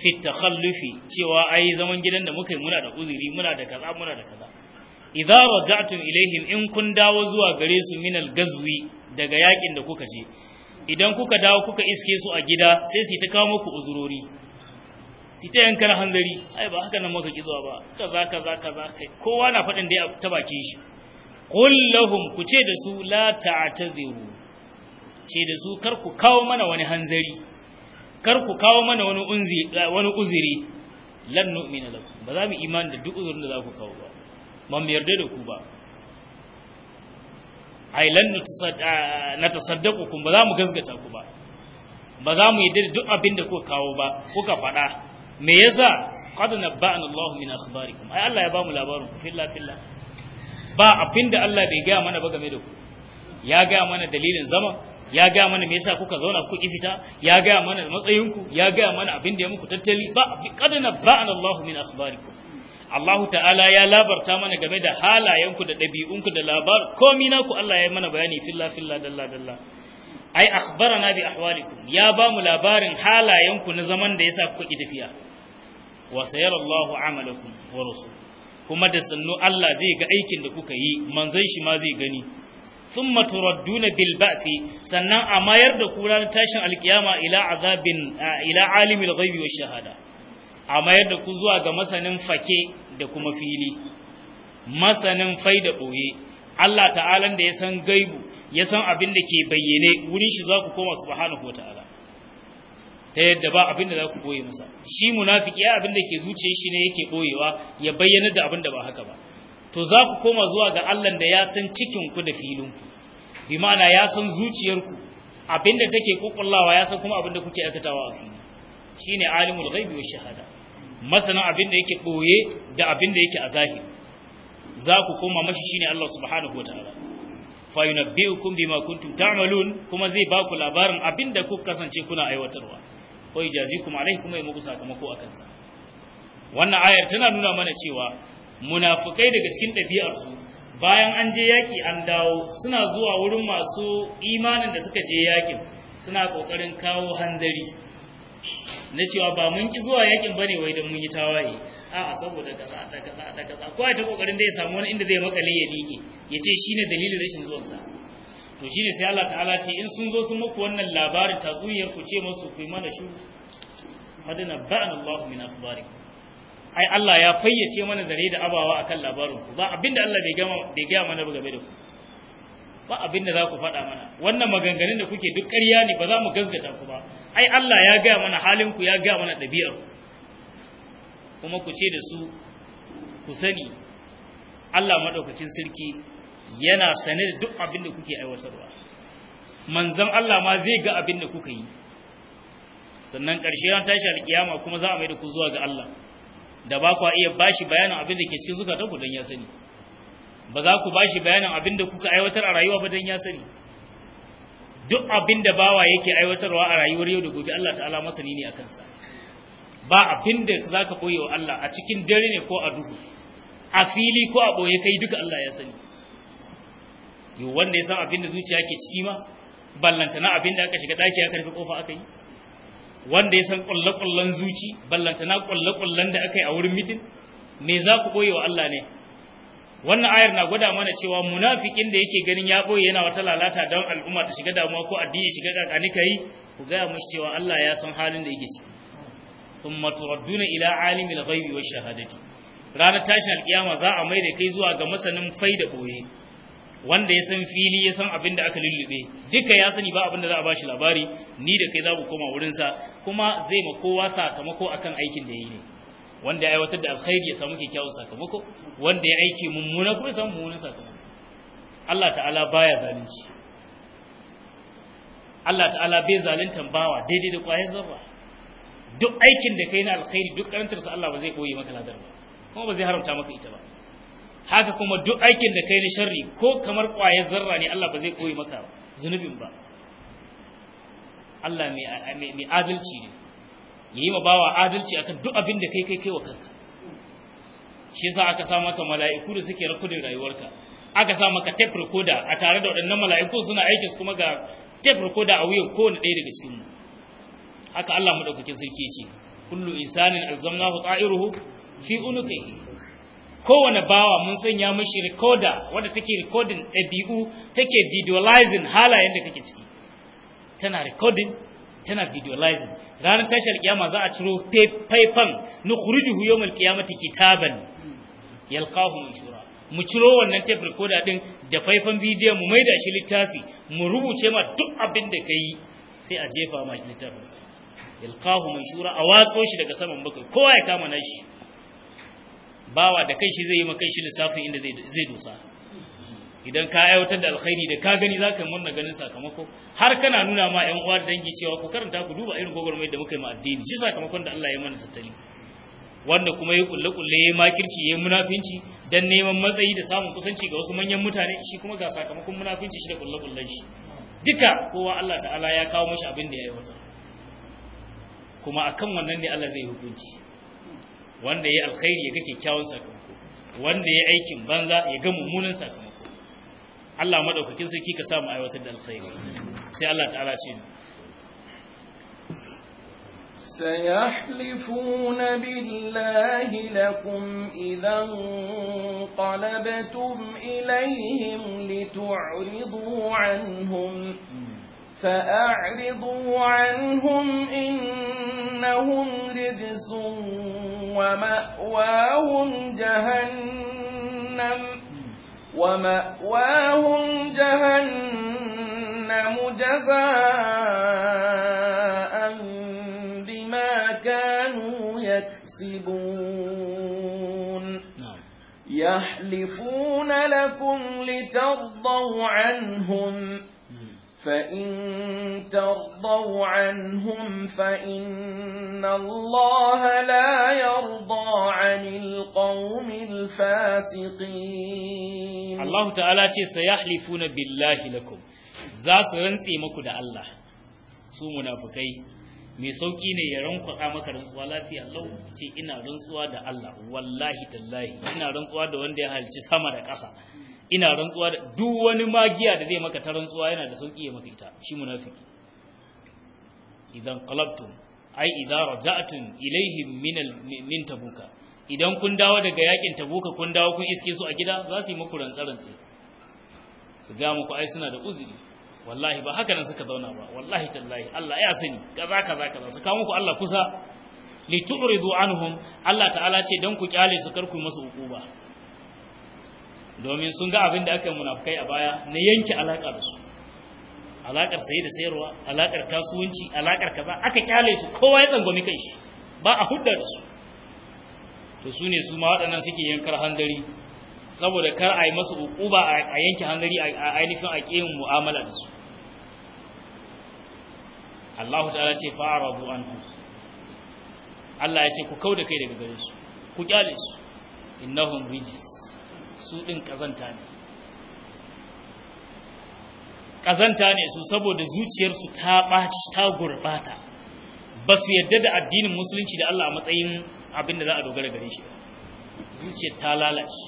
fi takhallufi cewa ai zaman gidan da muka yi muna da uzuri muna da kaza muna da kaza idza raja'tum ilaihim in kun dawo zuwa gare su minal gazwi daga yakin da kuka je idan kuka dawo kuka iske su a gida sai su ta kawo muku uzurori su ta yankar hanzari ai ba haka nan muka ki zuwa ba kaza kaza kaza kai kowa na faɗin da ta bakin shi qul lahum ku ce da su la ta'taziru ce da su kar ku kawo mana wani hanzari kar ku kawo mana wani unzi eh, wani uzuri lan nu'mina lakum ba za mu imani da duk uzurin da za ku kawo ba ba mu yarda da ku ba ai lan eh, natasaddaqu kun ba za mu gaskata ku ba ba za mu yarda da duk abin da kuka kawo ba kuka faɗa me yasa qad nabba'ana Allahu min akhbarikum ai Allah ya ba mu labarin ku filla filla ba da Allah bai ga mana ba game da ku ya ga mana dalilin zaman? ya ga mana me yasa kuka zauna ku fita? ya ga mana matsayinku ya ga mana abin da ya muku tattali ba qadana ba'ana Allahu min akhbarikum Allahu ta'ala ya labarta mana game da halayenku da dabi'unku da labar komi ku Allah ya yi mana bayani filla filla dalla dalla ai akhbarana bi ahwalikum ya ba mu labarin halayenku na zaman da yasa kuka tafiya wa sayarallahu amalakum wa rusul kuma da sannu Allah zai ga aikin da kuka yi manzon shi ma zai gani thumma turadduna bil ba'si sannan a mayar da ku ranar tashin alkiyama ila azabin ila alimil ghaibi wash shahada a da ku zuwa ga masanin fake da kuma fili masanin fai da boye Allah Ta'ala da ya san gaibu ya san abin da ke bayyane wurin shi za ku koma subhanahu Ta'ala. ta yadda ba abin da za ku koye masa shi munafiki ya abin da ke zuciyar shi ne yake koyewa ya bayyana da abin da ba haka ba to za ku koma zuwa ga Allah da ya san cikinku da filinku bi ma'ana ya san zuciyarku abinda take kokullawa ya san kuma abinda kuke aikatawa a fili shine alimul ghaibi wa shahada masana abinda yake boye da abinda yake a zahiri za ku koma mashi shine Allah subhanahu ta'ala fa yunabbiukum bima kuntum ta'malun kuma zai ba ku labarin abinda kuka kasance kuna aiwatarwa fa yajazikum alaihi kuma muku sakamako akan sa wannan ayar tana nuna mana cewa munafukai daga cikin ɗabi'arsu bayan an je yaƙi an dawo suna zuwa wurin masu imanin da suka je yaƙin suna ƙoƙarin kawo hanzari na cewa ba mun ki zuwa yaƙin ne wai da mun yi tawaye a'a saboda kaza da kaza da kaza ko ta ƙoƙarin da ya samu wani inda zai makale ya liƙe ya ce shine dalilin rashin zuwansa to shine sai Allah ta'ala ce in sun zo sun muku wannan labarin tatsuniyar ku ce musu ku yi mana shu madana ba'an Allah min akhbarikum ai Allah ya fayyace mana zare da abawa akan labarin ku ba abinda Allah bai gama bai gaya mana ba game da ku ba abinda za ku faɗa mana wannan maganganun da kuke duk ƙarya ne ba za mu gazgata ku ba ai Allah ya gaya mana halin ku ya gaya mana ɗabi'ar kuma ku ce da su ku sani Allah madaukakin sarki yana sane da duk abin da kuke aiwatarwa manzon Allah ma zai ga abinda kuka yi sannan ƙarshe ran tashi alkiyama kuma za a mai da ku zuwa ga Allah da ba ku iya bashi bayanin abin da ke cikin zukatanku don ya sani ba za ku bashi bayanin abin da kuka aiwatar a rayuwa ba dan ya sani duk abin da bawa yake aiwatarwa a rayuwar yau da gobe Allah ta'ala masani ne a kansa ba abin da za ka koyo Allah a cikin dare ne ko a duhu a fili ko a ɓoye kai duka Allah ya sani yau wanda ya san abin da zuciya ke ciki ma ballanta na abin da aka shiga ɗaki aka rufe ƙofa aka yi wanda ya san kullakullan zuci ballanta ballantana kullakullan da aka yi a wurin mitin me za ku boye wa Allah ne wannan ayar na gwada mana cewa munafikin da yake ganin ya boye yana wata lalata don al'umma ta shiga damuwa ko addini shiga kakani kai ku gaya mushi cewa Allah ya san halin da yake ciki thumma turadduna ila alimil ghaibi wash shahadati ranar tashin alkiyama za a mai da kai zuwa ga masanin faida boye wanda ya san fili ya san abin da aka lullube duka ya sani ba abin da za a bashi labari ni da kai za mu koma wurinsa kuma zai ma kowa sakamako akan aikin da ya yi ne wanda ya aiwatar da alkhairi ya samu kyakkyawan sakamako wanda ya aiki mummuna kuma ya samu mummunan sakamako Allah ta'ala baya zalunci Allah ta'ala bai zaluntan bawa daidai da kwayar zarra duk aikin da kai na alkhairi duk karantarsa Allah ba zai koyi maka ladar ba kuma ba zai haramta maka ita ba haka kuma duk aikin da kai na sharri ko kamar ƙwayar zarra ne Allah ba zai koyi maka zunubin ba Allah mai adalci ne yayi ma bawa adalci akan duk abin da kai kai kai wa kanka shi yasa aka sa maka mala'iku da suke rakudin rayuwarka aka sa maka tape recorder a tare da waɗannan mala'iku suna aikin kuma ga tape recorder a wuyan kowane ɗaya daga cikin mu haka Allah madaukakin sarki ya ce kullu insanin alzamnahu ta'iruhu fi unukihi kowane bawa mun sanya mishi recorder wanda take recording ɗabi'u take visualizing halayen da kake ciki tana recording tana visualizing ranar tashar kiyama za a ciro faifan na khurijuhu yawmal qiyamati kitaban yalqahu shura. mu ciro wannan tape recorder din da faifan bidiyon mu maida shi littafi mu rubuce ma duk abin da kai sai a jefa ma littafin yalqahu shura a watso shi daga saman bakai kowa ya kama nashi bawa da kai shi zai yi ma kai shi lissafin inda zai dosa idan ka aiwatar da alkhairi da ka gani za ka yi murna ganin sakamako har kana nuna ma yan uwa da dangi cewa ku karanta ku duba irin mai da muka yi ma addini shi sakamakon da Allah ya mana tattali wanda kuma ya kulle kulle ya makirci ya munafinci dan neman matsayi da samun kusanci ga wasu manyan mutane shi kuma ga sakamakon munafinci shi da kulle kullen shi duka kowa Allah ta'ala ya kawo mashi abin da ya aiwatar kuma akan wannan ne Allah zai hukunci wanda ya alkhairi ya ga kyakkyawan sakamako wanda ya aikin banza ya ga mummunan sakamako Allah madaukakin sarki ka samu aiwatar da alkhairi sai Allah ta'ala ce سيحلفون بالله لكم إذا انقلبتم إليهم لتعرضوا عنهم فأعرضوا عنهم إنهم رجس ومأواهم جهنم ومأواهم جهنم جزاء بما كانوا يكسبون نعم. يحلفون لكم لترضوا عنهم فإن ترضوا عنهم فإن الله لا يرضى عن القوم الفاسقين الله تعالى سيحلفون بالله لكم za su rantse muku da Allah su munafukai mai sauki ne ya rankwaka maka rantsuwa lafiya Allah ce ina rantsuwa da Allah wallahi tallahi ina rantsuwa da wanda ya halicci sama da ƙasa ina rantsuwa da duk wani magiya da zai maka ta rantsuwa yana da sauki ya maka ita shi munafiki idan qalabtum ai idan raja'tum ilaihim min min tabuka idan kun dawo daga yakin tabuka kun dawo kun iske su a gida za su yi muku rantsarantsi su ga muku ai suna da uzuri wallahi ba haka nan suka zauna ba wallahi tallahi Allah ya sani kaza kaza kaza su kawo muku Allah kusa li tu'ridu anhum Allah ta'ala ce dan ku kyale su karku masu ba. domin sun ga abin da aka munafukai a baya na yanke alaƙa su alaƙar saye da sayarwa alaƙar kasuwanci alaƙar kaza aka kyale su kowa ya tsangwami kai shi ba a hudda da su to su ne su ma waɗannan suke yankar hangari saboda kar a yi masu uquba a yanke hangari, a ainihin a ƙiyin mu'amala da su Allah ta'ala ce Allah ya ce ku kauda kai daga gare su ku kyale su innahum rijis su din kazanta ne kazanta ne su saboda zuciyarsu ta ɓaci ta gurɓata ba su yadda da addinin musulunci da Allah a matsayin abin da za a dogara gare shi zuciyar ta lalace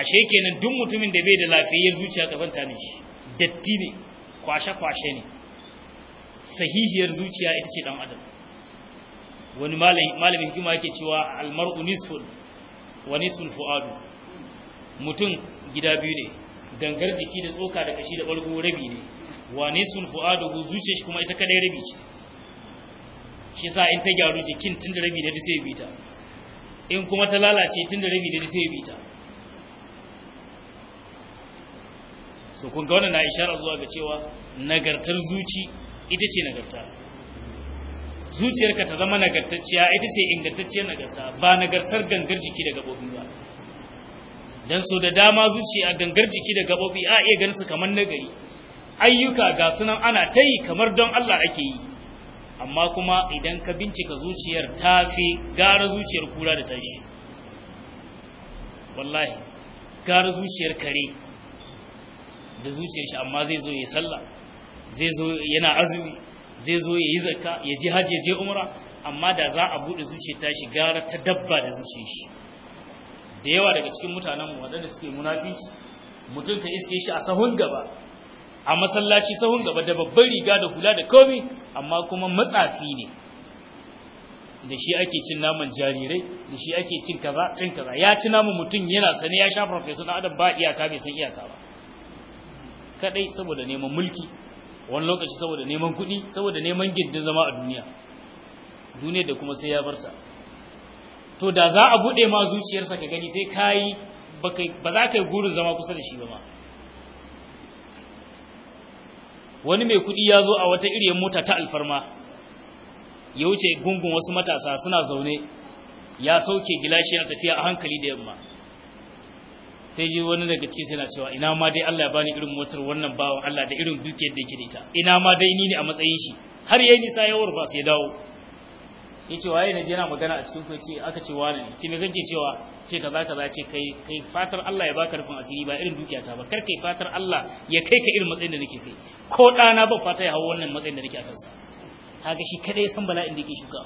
ashe kenan duk mutumin da bai da lafiyayyar zuciya kazanta ne shi datti ne kwashe-kwashe ne sahihiyar zuciya ita ce dan adam wani malamin hikima yake cewa Almar nisfun wa nisful fu'adu mutum gida biyu ne dangar jiki da tsoka da kashi da ɓargo rabi ne wa nisful fu'adu ko zuce shi kuma ita kadai rabi ce shi sa in ta gyaru jikin tun da rabi ne da sai bita in kuma ta lalace tun da rabi ne da sai bita so kun ga wannan na isharar zuwa ga cewa nagartar zuci ita ce nagarta zuciyarka ta zama nagartacciya ita ce ingantacciyar nagarta ba nagartar gangar jiki da gabobi ba dan so da dama zuciya gangar jiki da gabobi a iya ganin su kamar nagari ayyuka ga sunan ana ta yi kamar don Allah ake yi amma kuma idan ka bincika zuciyar tafi gara zuciyar kura da tashi wallahi gara zuciyar kare da zuciyar shi amma zai zo ya sallah zai zo yana azumi zai zo ya yi zakka ya ji hajji ya je umra amma da za a buɗe zuciya ta shi gara ta dabba da zuciya shi da yawa daga cikin mutanenmu waɗanda suke munafici mutum ka iske shi a sahun gaba a masallaci sahun gaba da babbar riga da hula da komi amma kuma matsafi ne da shi ake cin naman jarirai da shi ake cin kaza cin kaza ya ci naman mutum yana sane ya sha farfesa na adam ba iyaka bai san iyaka ba kadai saboda neman mulki wani lokaci saboda neman kudi saboda neman gindin zama a duniya duniya da kuma sai ya barta to da za a bude ma zuciyarsa ka gani sai kai ba za ka yi gurin zama kusa da shi ba ma wani mai kuɗi ya zo a wata iriyar mota ta alfarma ya wuce gungun wasu matasa suna zaune ya sauke gilashi na tafiya a hankali da yamma sai ji wani daga ciki sai na cewa ina ma dai Allah ya bani irin motar wannan bawan Allah da irin dukiyar da yake da ita ina ma dai ni ne a matsayin shi har yayi nisa ya warba sai dawo yace waye ne je na magana a cikin ku yace aka ce wani ne ce me kake cewa ce kaza kaza ce kai kai fatar Allah ya baka rufin asiri ba irin dukiya ta ba kar kai fatar Allah ya kai ka irin matsayin da nake kai ko dana ba fata ya hawo wannan matsayin da nake a kansa kaga shi kadai san bala'in da yake shuka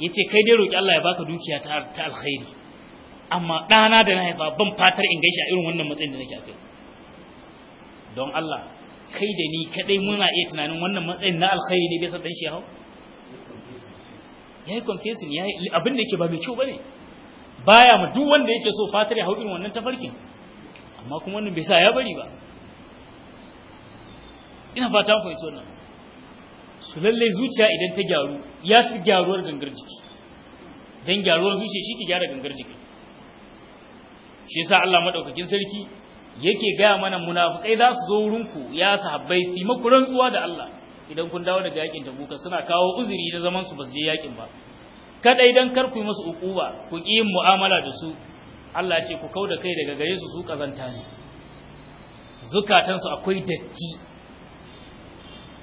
yace kai dai roki Allah ya baka dukiya ta alkhairi amma ɗana da na haifa ban fatar in gaishe a irin wannan matsayin da nake a kai don Allah kai da ni kadai muna iya tunanin wannan matsayin na alkhairi ne bai san dan shi hau yayi confessing yayi abin da yake ba mai kyau bane baya ma duk wanda yake so fatar ya hau irin wannan tafarkin amma kuma wannan bai sa ya bari ba ina fata ku iso nan su lalle zuciya idan ta gyaru ya fi gyaruwar gangar jiki dan gyaruwar zuciya shi ke gyara gangar jiki shi yasa Allah madaukakin sarki yake gaya mana munafikai za su zo wurinku ya sahabbai su maku rantsuwa da Allah idan kun dawo daga yakin tabuka suna kawo uzuri na zaman su ba je yakin ba kada idan kar ku yi musu ukuba ku ki yin mu'amala da su Allah ce ku kauda kai daga gare su su kazanta ne zukatan su akwai datti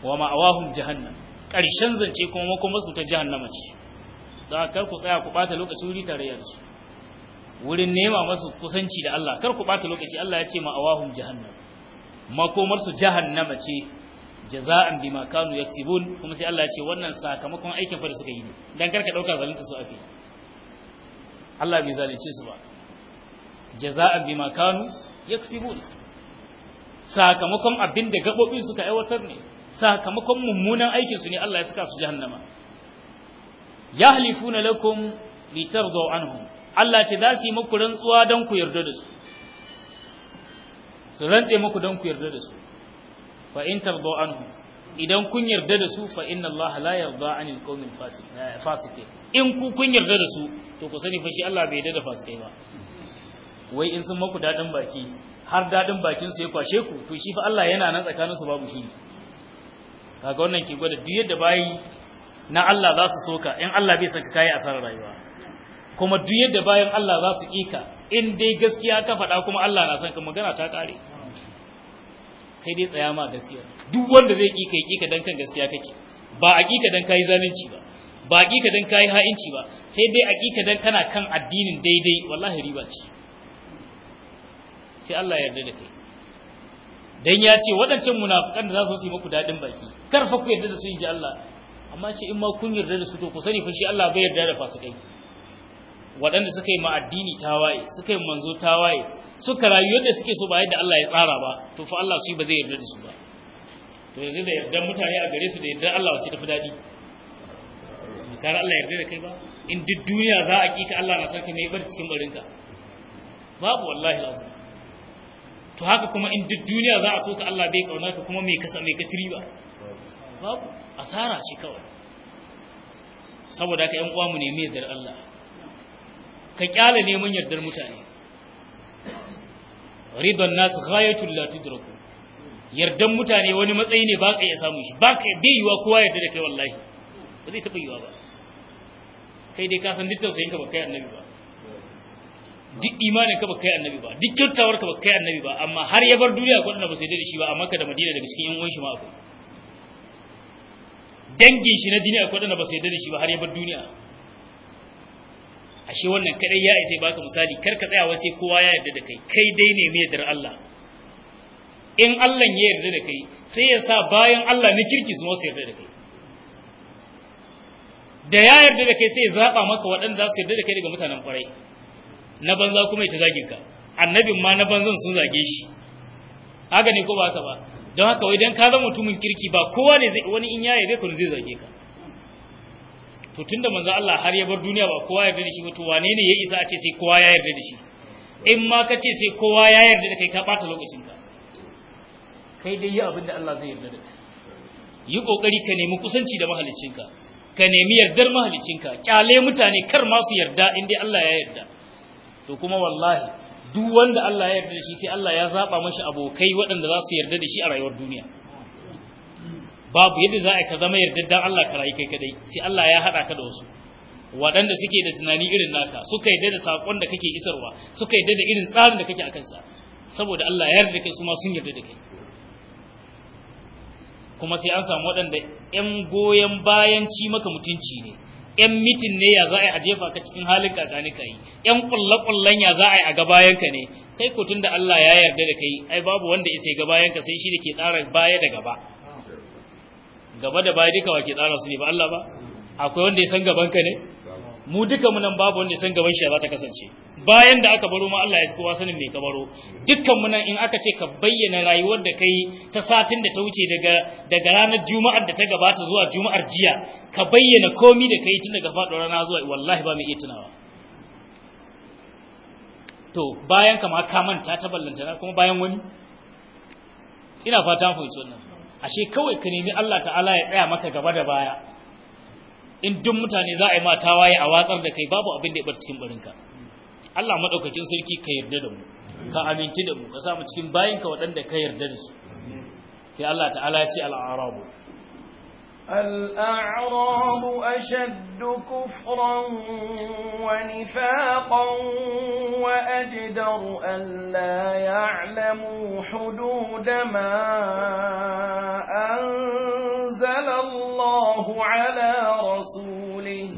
wa ma'awahum jahannam karshen zance kuma kuma su ta jahannama ce za kar ku tsaya ku bata lokaci wuri tare da su wurin nema masu kusanci da Allah kar ku bata lokaci Allah ya ce ma awahum jahannam makomar su jahannama ce jaza'an bima kanu yaksibun kuma sai Allah ya ce wannan sakamakon aikin fa da suka yi dan kar ka dauka zalunta su afi Allah bai zalunce su ba jaza'an bima kanu yaksibun sakamakon abinda gabobin suka aiwatar ne sakamakon mummunan aikin su ne Allah ya saka su jahannama yahlifuna lakum litardaw anhum Allah ce za su yi muku rantsuwa don ku yarda da su su rantse muku don ku yarda da su fa in tardo anhu idan kun yarda da su fa inna Allah la yarda anil qawmil eh, fasiqin in ku kun yarda da su to ku sani fa shi Allah bai yarda da fasikai ba wai in sun maku dadin baki har dadin bakin su ya kwashe ku to shi fa Allah yana nan tsakanin su babu shi. kaga wannan ke gwada duk yadda bayi na Allah za su soka in Allah bai saka kai asarar rayuwa kuma duk yadda bayan Allah za su ika in dai gaskiya ka faɗa kuma Allah na san ka magana ta ƙare kai dai tsaya ma gaskiya duk wanda zai kika ya kika dan kan gaskiya kake ba a kika dan kai zalunci ba ba a kika dan kai ha'inci ba sai dai a kika dan kana kan addinin daidai wallahi riba ce sai Allah ya yarda da kai dan ya ce waɗancan munafikan da za su yi muku dadin baki kar fa ku yarda da su inji Allah amma ce in ma kun yarda da su to ku sani fa shi Allah bai yarda da fasikai waɗanda suka yi ma addini tawaye suka yi manzo tawaye suka rayu yadda suke so ba yadda Allah ya tsara ba to fa Allah shi ba zai yarda da su ba to yanzu da yardan mutane a gare su da yardan Allah sai tafi dadi kar Allah yarda da kai ba in duk duniya za a kika Allah na saka mai bar cikin barinka babu wallahi lazim to haka kuma in duk duniya za a so ka Allah bai kauna ka kuma mai kasa mai katiri ba babu asara ce kawai saboda ka yan uwa mu ne mai dar Allah ka kyale neman yardar mutane ridon nas ghayatul la tudraku yardan mutane wani matsayi ne ba ka iya samu shi ba ka bai yiwa kowa yarda da kai wallahi ba zai taba yiwa ba kai dai ka san duk tausayin ka ba kai annabi ba duk imanin ka ba kai annabi ba duk kyautawar ka ba kai annabi ba amma har ya bar duniya kwanan ba sai da shi ba amma ka da madina daga cikin yan uwan shi ma akwai dangin shi na jini akwai kwanan ba sai da shi ba har ya bar duniya ashe wannan kadai ya isa baka misali kar ka tsaya sai kowa ya yarda da kai kai dai ne mai dar Allah in Allah ya yarda da kai sai ya sa bayan Allah na kirki su su yarda da kai da ya yarda da kai sai ya zaba maka waɗanda za su yarda da kai daga mutanen kwarai na banza kuma ya ci zagin ka annabin ma na banzan sun zage shi haka ne ko ba ka ba don haka wai dan ka zama mutumin kirki ba kowa ne wani in yaye zai kun zai zage ka to tunda manzo Allah har ya bar duniya ba kowa yarda da shi ba to wane ne ya isa a ce sai kowa ya yarda da shi in ma ka ce sai kowa ya yarda da kai ka bata lokacin ka kai dai yi abin Allah zai yarda da kai yi kokari ka nemi kusanci da mahaliccinka ka nemi yardar ka kyale mutane kar ma su yarda in dai Allah ya yarda to kuma wallahi duk wanda Allah ya yarda da shi sai Allah ya zaba mashi abokai waɗanda za su yarda da shi a rayuwar duniya babu yadda za a ka zama yardaddan Allah ka rayu kai kadai sai Allah ya hada ka da wasu waɗanda suke da tunani irin naka suka yadda da sakon da kake isarwa suka yadda da irin tsarin da kake a kansa, saboda Allah ya yarda kai su ma sun yarda da kai kuma sai an samu waɗanda ƴan goyon bayan ci maka mutunci ne ƴan mitin ne ya za a yi a jefa ka cikin halin kakani ka yi ƴan ƙulle-ƙullen ya za a yi a ka ne kai ko tunda Allah ya yarda da kai ai babu wanda ya sai ka sai shi da ke tsara baya da gaba gaba da baya duka wake tsara su ne ba Allah ba akwai wanda ya san gaban ka ne mu duka mu nan babu wanda ya san gaban shi za ta kasance bayan da aka baro ma Allah ya kowa sanin me ka baro dukkan mu nan in aka ce ka bayyana rayuwar da kai ta satin da ta wuce daga daga ranar juma'ar da ta gabata zuwa juma'ar jiya ka bayyana komai da kai tun daga faɗuwar rana zuwa wallahi ba mu iya tunawa to bayan kama ka manta ta ballantana kuma bayan wani ina fata fahimci wannan ashe kawai ka nemi Allah ta'ala ya tsaya maka gaba da baya in duk mutane za a yi mata waye a watsar da kai babu abin da ya bar cikin barinka Allah madaukakin sarki ka yarda da mu ka aminci da mu ka samu cikin bayinka waɗanda ka yarda da su sai Allah ta'ala ya ce al'arabu الأعراب أشد كفرا ونفاقا وأجدر ألا يعلموا حدود ما أنزل الله على رسوله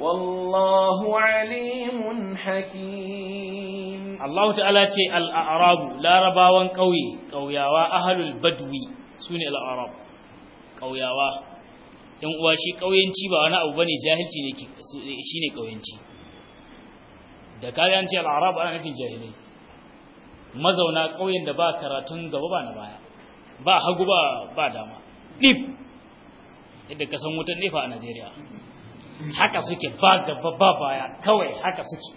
والله عليم حكيم الله تعالى الأعراب لا رباوان قوي قويا وأهل البدوي سوني الأعراب ƙauyawa ɗan uwa shi ƙauyenci ba wani abu ba ne jahilci ne shi ne ƙauyenci da kare an ce al'arab ana nufin jahilai mazauna ƙauyen da ba karatun gaba ba na baya ba hagu ba dama ɗib yadda ka san wutan nefa a najeriya haka suke ba gaba ba baya kawai haka suke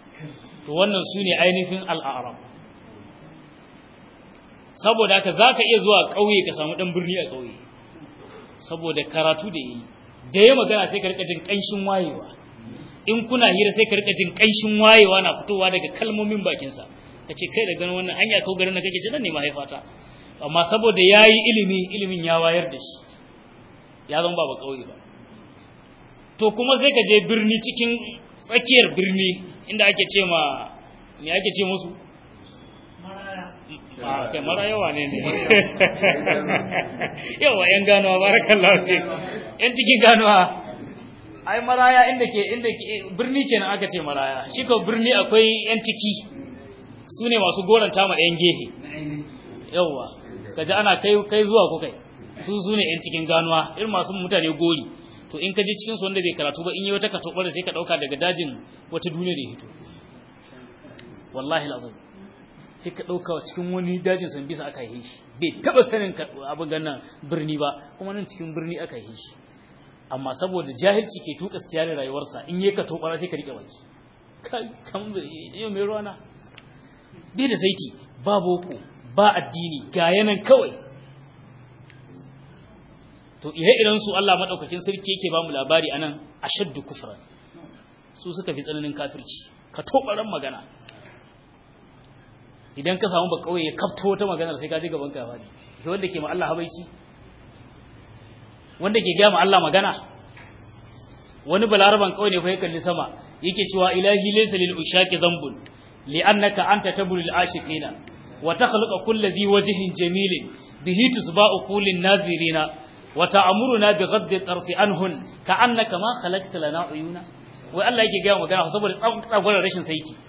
to wannan su ne ainihin al'arab saboda haka za ka iya zuwa ƙauye ka samu ɗan birni a ƙauye saboda karatu da yi da ya magana sai ka rika jin kanshin wayewa in kuna hira sai ka rika jin kanshin wayewa na fitowa daga kalmomin bakinsa ka ce kai da ganin wannan anya ko garin da kake ce dan ne mahaifata amma saboda yayi ilimi ilimin ya wayar da shi ya zama ba kauye ba to kuma sai ka je birni cikin tsakiyar birni inda ake ce ma me ake ce musu Ah, kai mara yawa ne ne yawa yan ganowa barakallahu fi yan cikin ganowa ai maraya inda ke inda ke birni kenan aka ce maraya shi ko birni akwai yan ciki su ne masu goranta ma yan gehe yawa kaji ana kai kai zuwa ko kai su su ne yan cikin ganuwa irin masu mutane gori to in kaji cikin su wanda bai karatu ba in yi wata katobar sai ka dauka daga dajin wata duniya da hito wallahi alazim sai ka ɗauka cikin wani dajin san bisa aka yi shi bai taɓa sanin abin ganin birni ba kuma nan cikin birni aka yi shi amma saboda jahilci ke tuka tsiyarin rayuwarsa in yi ka tobara sai ka riƙe baki kamar eh, yau mai bai da zaiti ba ba addini ga yanan kawai to ire-iren su Allah maɗaukacin sarki yake ba mu labari anan ashaddu kufran su suka fi tsananin kafirci ka tobaran magana idan ka samu ba kauye ya kafto ta magana sai ka ji gaban ka fadi sai wanda ke ma Allah habaici wanda ke gaya ma Allah magana wani balaraban kauye ne fa ya kalli sama yake cewa ilahi laysa lil ushaqi dhanbun li'annaka anta tabul lil ashiqina wa takhluqu kulli dhi wajhin jamilin bihi tusba'u qulin nadhirina wa ta'muruna bi ghaddi tarfi anhun ka'annaka ma khalaqta lana uyuna wai Allah yake gaya magana saboda tsagwarar rashin saiti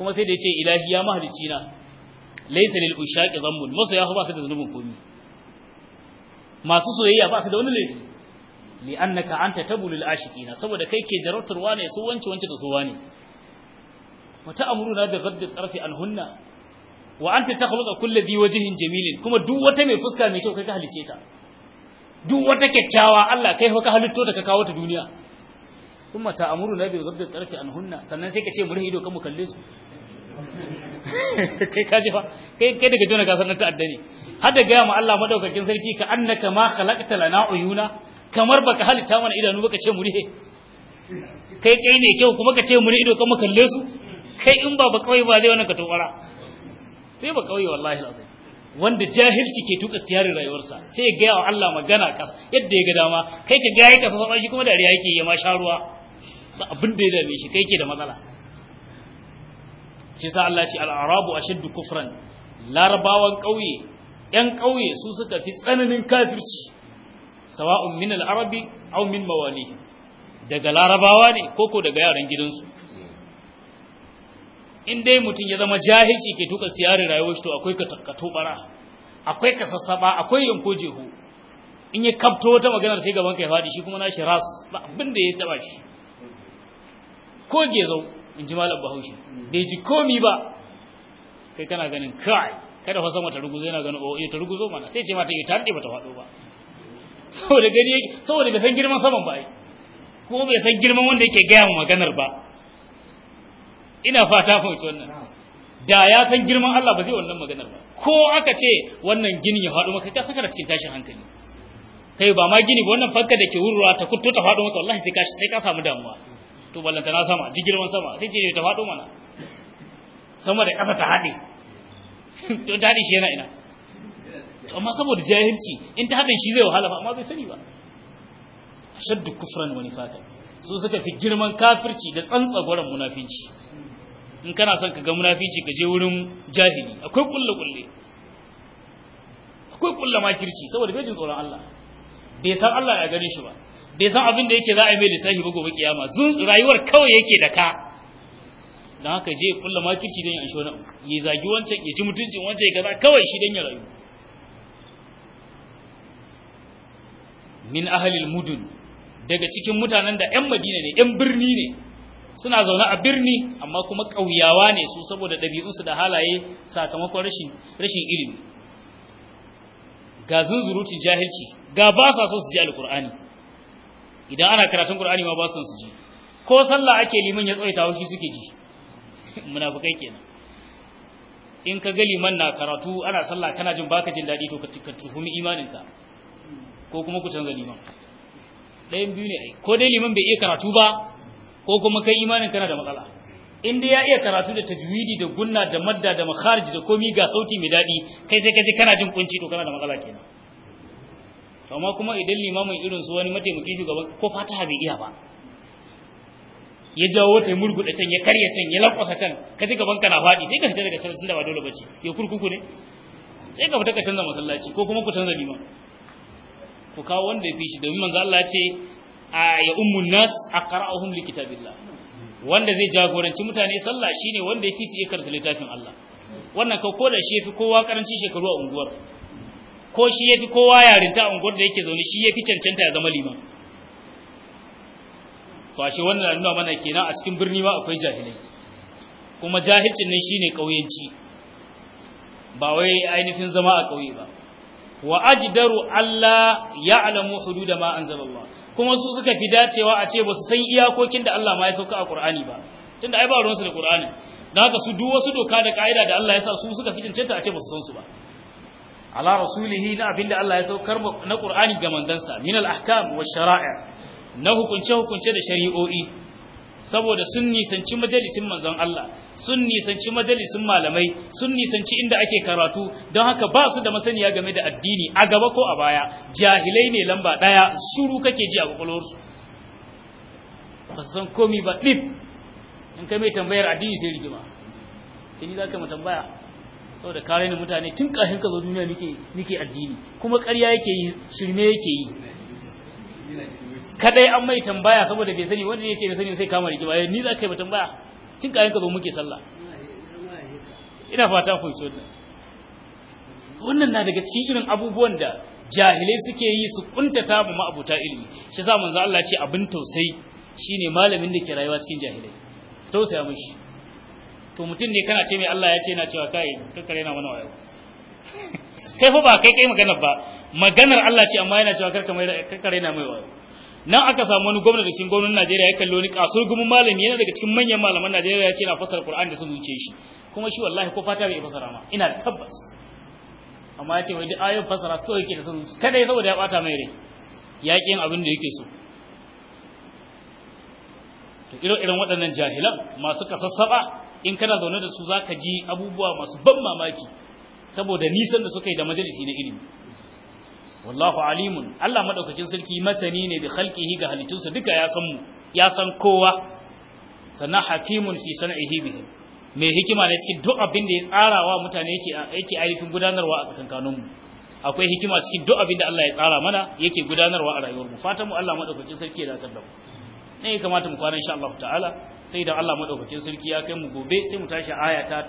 kuma sai da yace ilahi ya mahalicci na laysa lil ushaqi dhanbun masu ya ba su da zanubin komi masu soyayya ba su da wani laifi li annaka anta tabulul ashiqina saboda kai ke jarautar ne, su wance wance da su wane wata amruna bi ghadd al-tarfi anhunna wa anta takhluqu kulli dhi wajhin jamilin kuma duk wata mai fuska mai kyau kai ka halice ta duk wata kyakkyawa Allah kai ka halitto ta ka kawo ta duniya kuma ta amuru na biyu gabda tarfi an hunna sannan sai ka ce murhi ido kan mu kalle su kai ka ji fa kai kai daga jona ka sanar ta addani har da gaya ma Allah madaukakin sarki ka annaka ma khalaqta lana uyuna kamar baka halitta mana idanu baka ce murhi kai kai ne kyau kuma ka ce muri ido kan mu kalle su kai in ba ba kawai ba zai wannan ka tobara sai ba kawai wallahi lazai wanda jahilci ke tuka siyarin rayuwarsa sai ya gaya wa Allah magana ka yadda ya ga dama kai ka gaya yake sasa shi kuma dariya yake ya ma sha ruwa ba abin da ya dame shi kai ke da matsala shi sa Allah ce al'arabu ashaddu kufran larabawan kauye ‘yan kauye su suka fi tsananin kafirci sawa'un min al'arabi aw min mawali daga larabawa ne koko daga yaran gidansu in dai mutum ya zama jahilci ke tuka siyarin rayuwar shi to akwai ka takkato bara akwai ka sassaba akwai yanko jeho in ya kafto wata maganar sai gaban kai faɗi shi kuma na shi ras ba abin da ya taba shi ko gezau in ji malam bahaushe bai ji komi ba kai kana ganin kai kada fasan wata ruguzo yana ganin oh eh, ta ruguzo mana sai ce mata ita eh, ba bata fado ba saboda gani saboda bai san girman saman ba ko bai san girman wanda yake gaya mu maganar ba ina fata wuce wannan da ya san girman Allah ba zai wannan maganar ba ko aka ce wannan ginin ya fado maka ka saka da cikin tashin hankali kai ba ma gini ba wannan fanka da ke wurwa ta kutto ta fado maka wallahi sai ka sai ka samu damuwa to ballanta na sama ji girman sama sai ce ta faɗo mana sama da kafa ta haɗe to ta haɗe shi yana ina to amma saboda jahilci in ta haɗe shi zai wahala ba amma bai sani ba shaddu kufran wani fata su suka fi girman kafirci da tsantsagoran munafinci in kana son ka ga munafici ka je wurin jahili akwai kullu kullu akwai kulle makirci saboda bai jin tsoron Allah bai san Allah ya gare shi ba bai san abin da yake za a yi mai lissafi ba gobe kiyama zun rayuwar kawai yake da ka don haka je kulla makirci don ya ansho ya zagi wancan ya ci mutuncin wancan ya gaza kawai shi don ya rayu min ahalil mudun daga cikin mutanen da 'yan madina ne 'yan birni ne suna zaune a birni amma kuma ƙauyawa ne su saboda ɗabi'unsu da halaye sakamakon rashin ilimi ga zunzurutun jahilci ga ba sa so su ji alkur'ani idan ana karatun Qur'ani ma ba su su ji ko sallah ake liman ya tsawaita shi suke ji munafikai kenan in ka ga liman na karatu ana sallah kana jin baka jin dadi to ka tufumi imaninka ko kuma ku canza liman ɗayan biyu ne ai ko dai liman bai iya karatu ba ko kuma kai imanin kana da matsala in dai ya iya karatu da tajwidi da gunna da madda da makharij da komi ga sauti mai dadi kai sai kaje kana jin kunci to kana da matsala kenan amma kuma idan limamin irin su wani mataimakin shugaba ko fataha bai iya ba ya jawo ya murguɗa can ya karya can ya lankwasa can ka ji gaban kana faɗi sai ka fita daga sallah da ba dole bace ya kurkuku ne sai ka fita ka canza masallaci ko kuma ku canza liman ku kawo wanda ya fi shi domin manzo Allah ya ce ya ummun nas aqra'uhum likitabillah wanda zai jagoranci mutane sallah shine wanda ya fi su iya karanta littafin Allah wannan ka ko da shi fi kowa karanci shekaru a unguwar ko shi ya fi kowa yarinta a unguwar da yake zaune shi ya fi cancanta ya zama liman Fashe ashe wannan nuna mana kenan a cikin birni ma akwai jahilai kuma jahilcin nan shine kauyenci ba wai ainihin zama a kauye ba wa ajdaru alla ya'lamu da ma anzalallah kuma su suka fi dacewa a ce ba su san iyakokin da Allah ma ya sauka a Qur'ani ba tunda ai ba ruwansu da Qur'ani dan haka su duk wasu doka da ka'ida da Allah ya sa su suka fi cancanta a ce ba su san su ba ala rasulihi na abinda Allah ya saukar na Qur'ani ga mandansa min al-ahkam wa shara'i na hukunce hukunce da shari'o'i saboda sun nisanci majalisin manzon Allah sun nisanci majalisin malamai sun nisanci inda ake karatu don haka ba su da masaniya game da addini a gaba ko a baya jahilai ne lamba daya shuru kake ji a kwakwalwarsu ba san komi ba dip in kai mai tambayar addini sai rigima sai ni za ka mu tambaya saboda kare ni mutane tun ƙarshen ka zo duniya nike nike addini kuma ƙarya yake yi shirme yake yi kadai an mai tambaya saboda bai sani wanda yace bai sani sai kama rigima yayin eh, ni za ka yi tambaya tun ƙarshen ka zo muke sallah ina fata ku so wannan na daga cikin irin abubuwan da jahilai suke yi su kuntata mu ma'abuta ilimi shi sa manzo Allah ya ce abin tausayi shine malamin da ke rayuwa cikin jahilai tausaya mishi to mutum ne kana ce mai Allah ya ce na cewa kai tattare na mana wayo kai fa ba kai kai maganar ba maganar Allah ce amma yana cewa karka mai kare na mai wayo nan aka samu wani gwamnati da cikin gwamnatin Najeriya ya kallo ni kasur gumin malami yana daga cikin manyan malaman Najeriya ya ce na fasara Qur'an da sun zuce shi kuma shi wallahi ko fata bai fasara ma ina tabbas amma ya ce wai duk ayoyin fasara su yake da sun zuce kada ya saboda ya bata mai rai ya ƙi abin da yake so to irin waɗannan jahilan masu kasassaɓa in kana zaune da su zaka ji abubuwa masu ban mamaki saboda nisan da suka yi da majalisi na ilimi wallahu alimun Allah madaukakin sarki masani ne bi khalqihi ga halittunsa duka ya san mu ya san kowa sana hakimun fi sana'ihi bihi Me hikima ne cikin duk abin da ya tsarawa mutane yake yake aikin gudanarwa a kanun mu akwai hikima cikin duk abin da Allah ya tsara mana yake gudanarwa a rayuwar mu fatan mu Allah madaukakin sarki ya dakatar da mu ne kamata mu kwana insha Allah ta'ala sai da Allah madaukakin sarki ya kai mu gobe sai mu tashi aya ta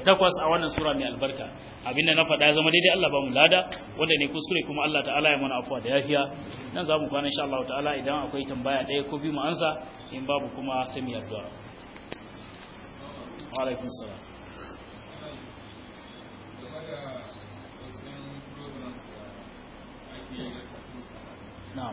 takwas a wannan sura mai albarka abinda na faɗa zama daidai Allah ba mu lada wanda ne kuskure kuma Allah ta'ala ya mana afuwa da yafiya nan za mu kwana insha Allah ta'ala idan akwai tambaya ɗaya ko biyu mu ansa in babu kuma sai mu yaddua wa alaikum salam Now.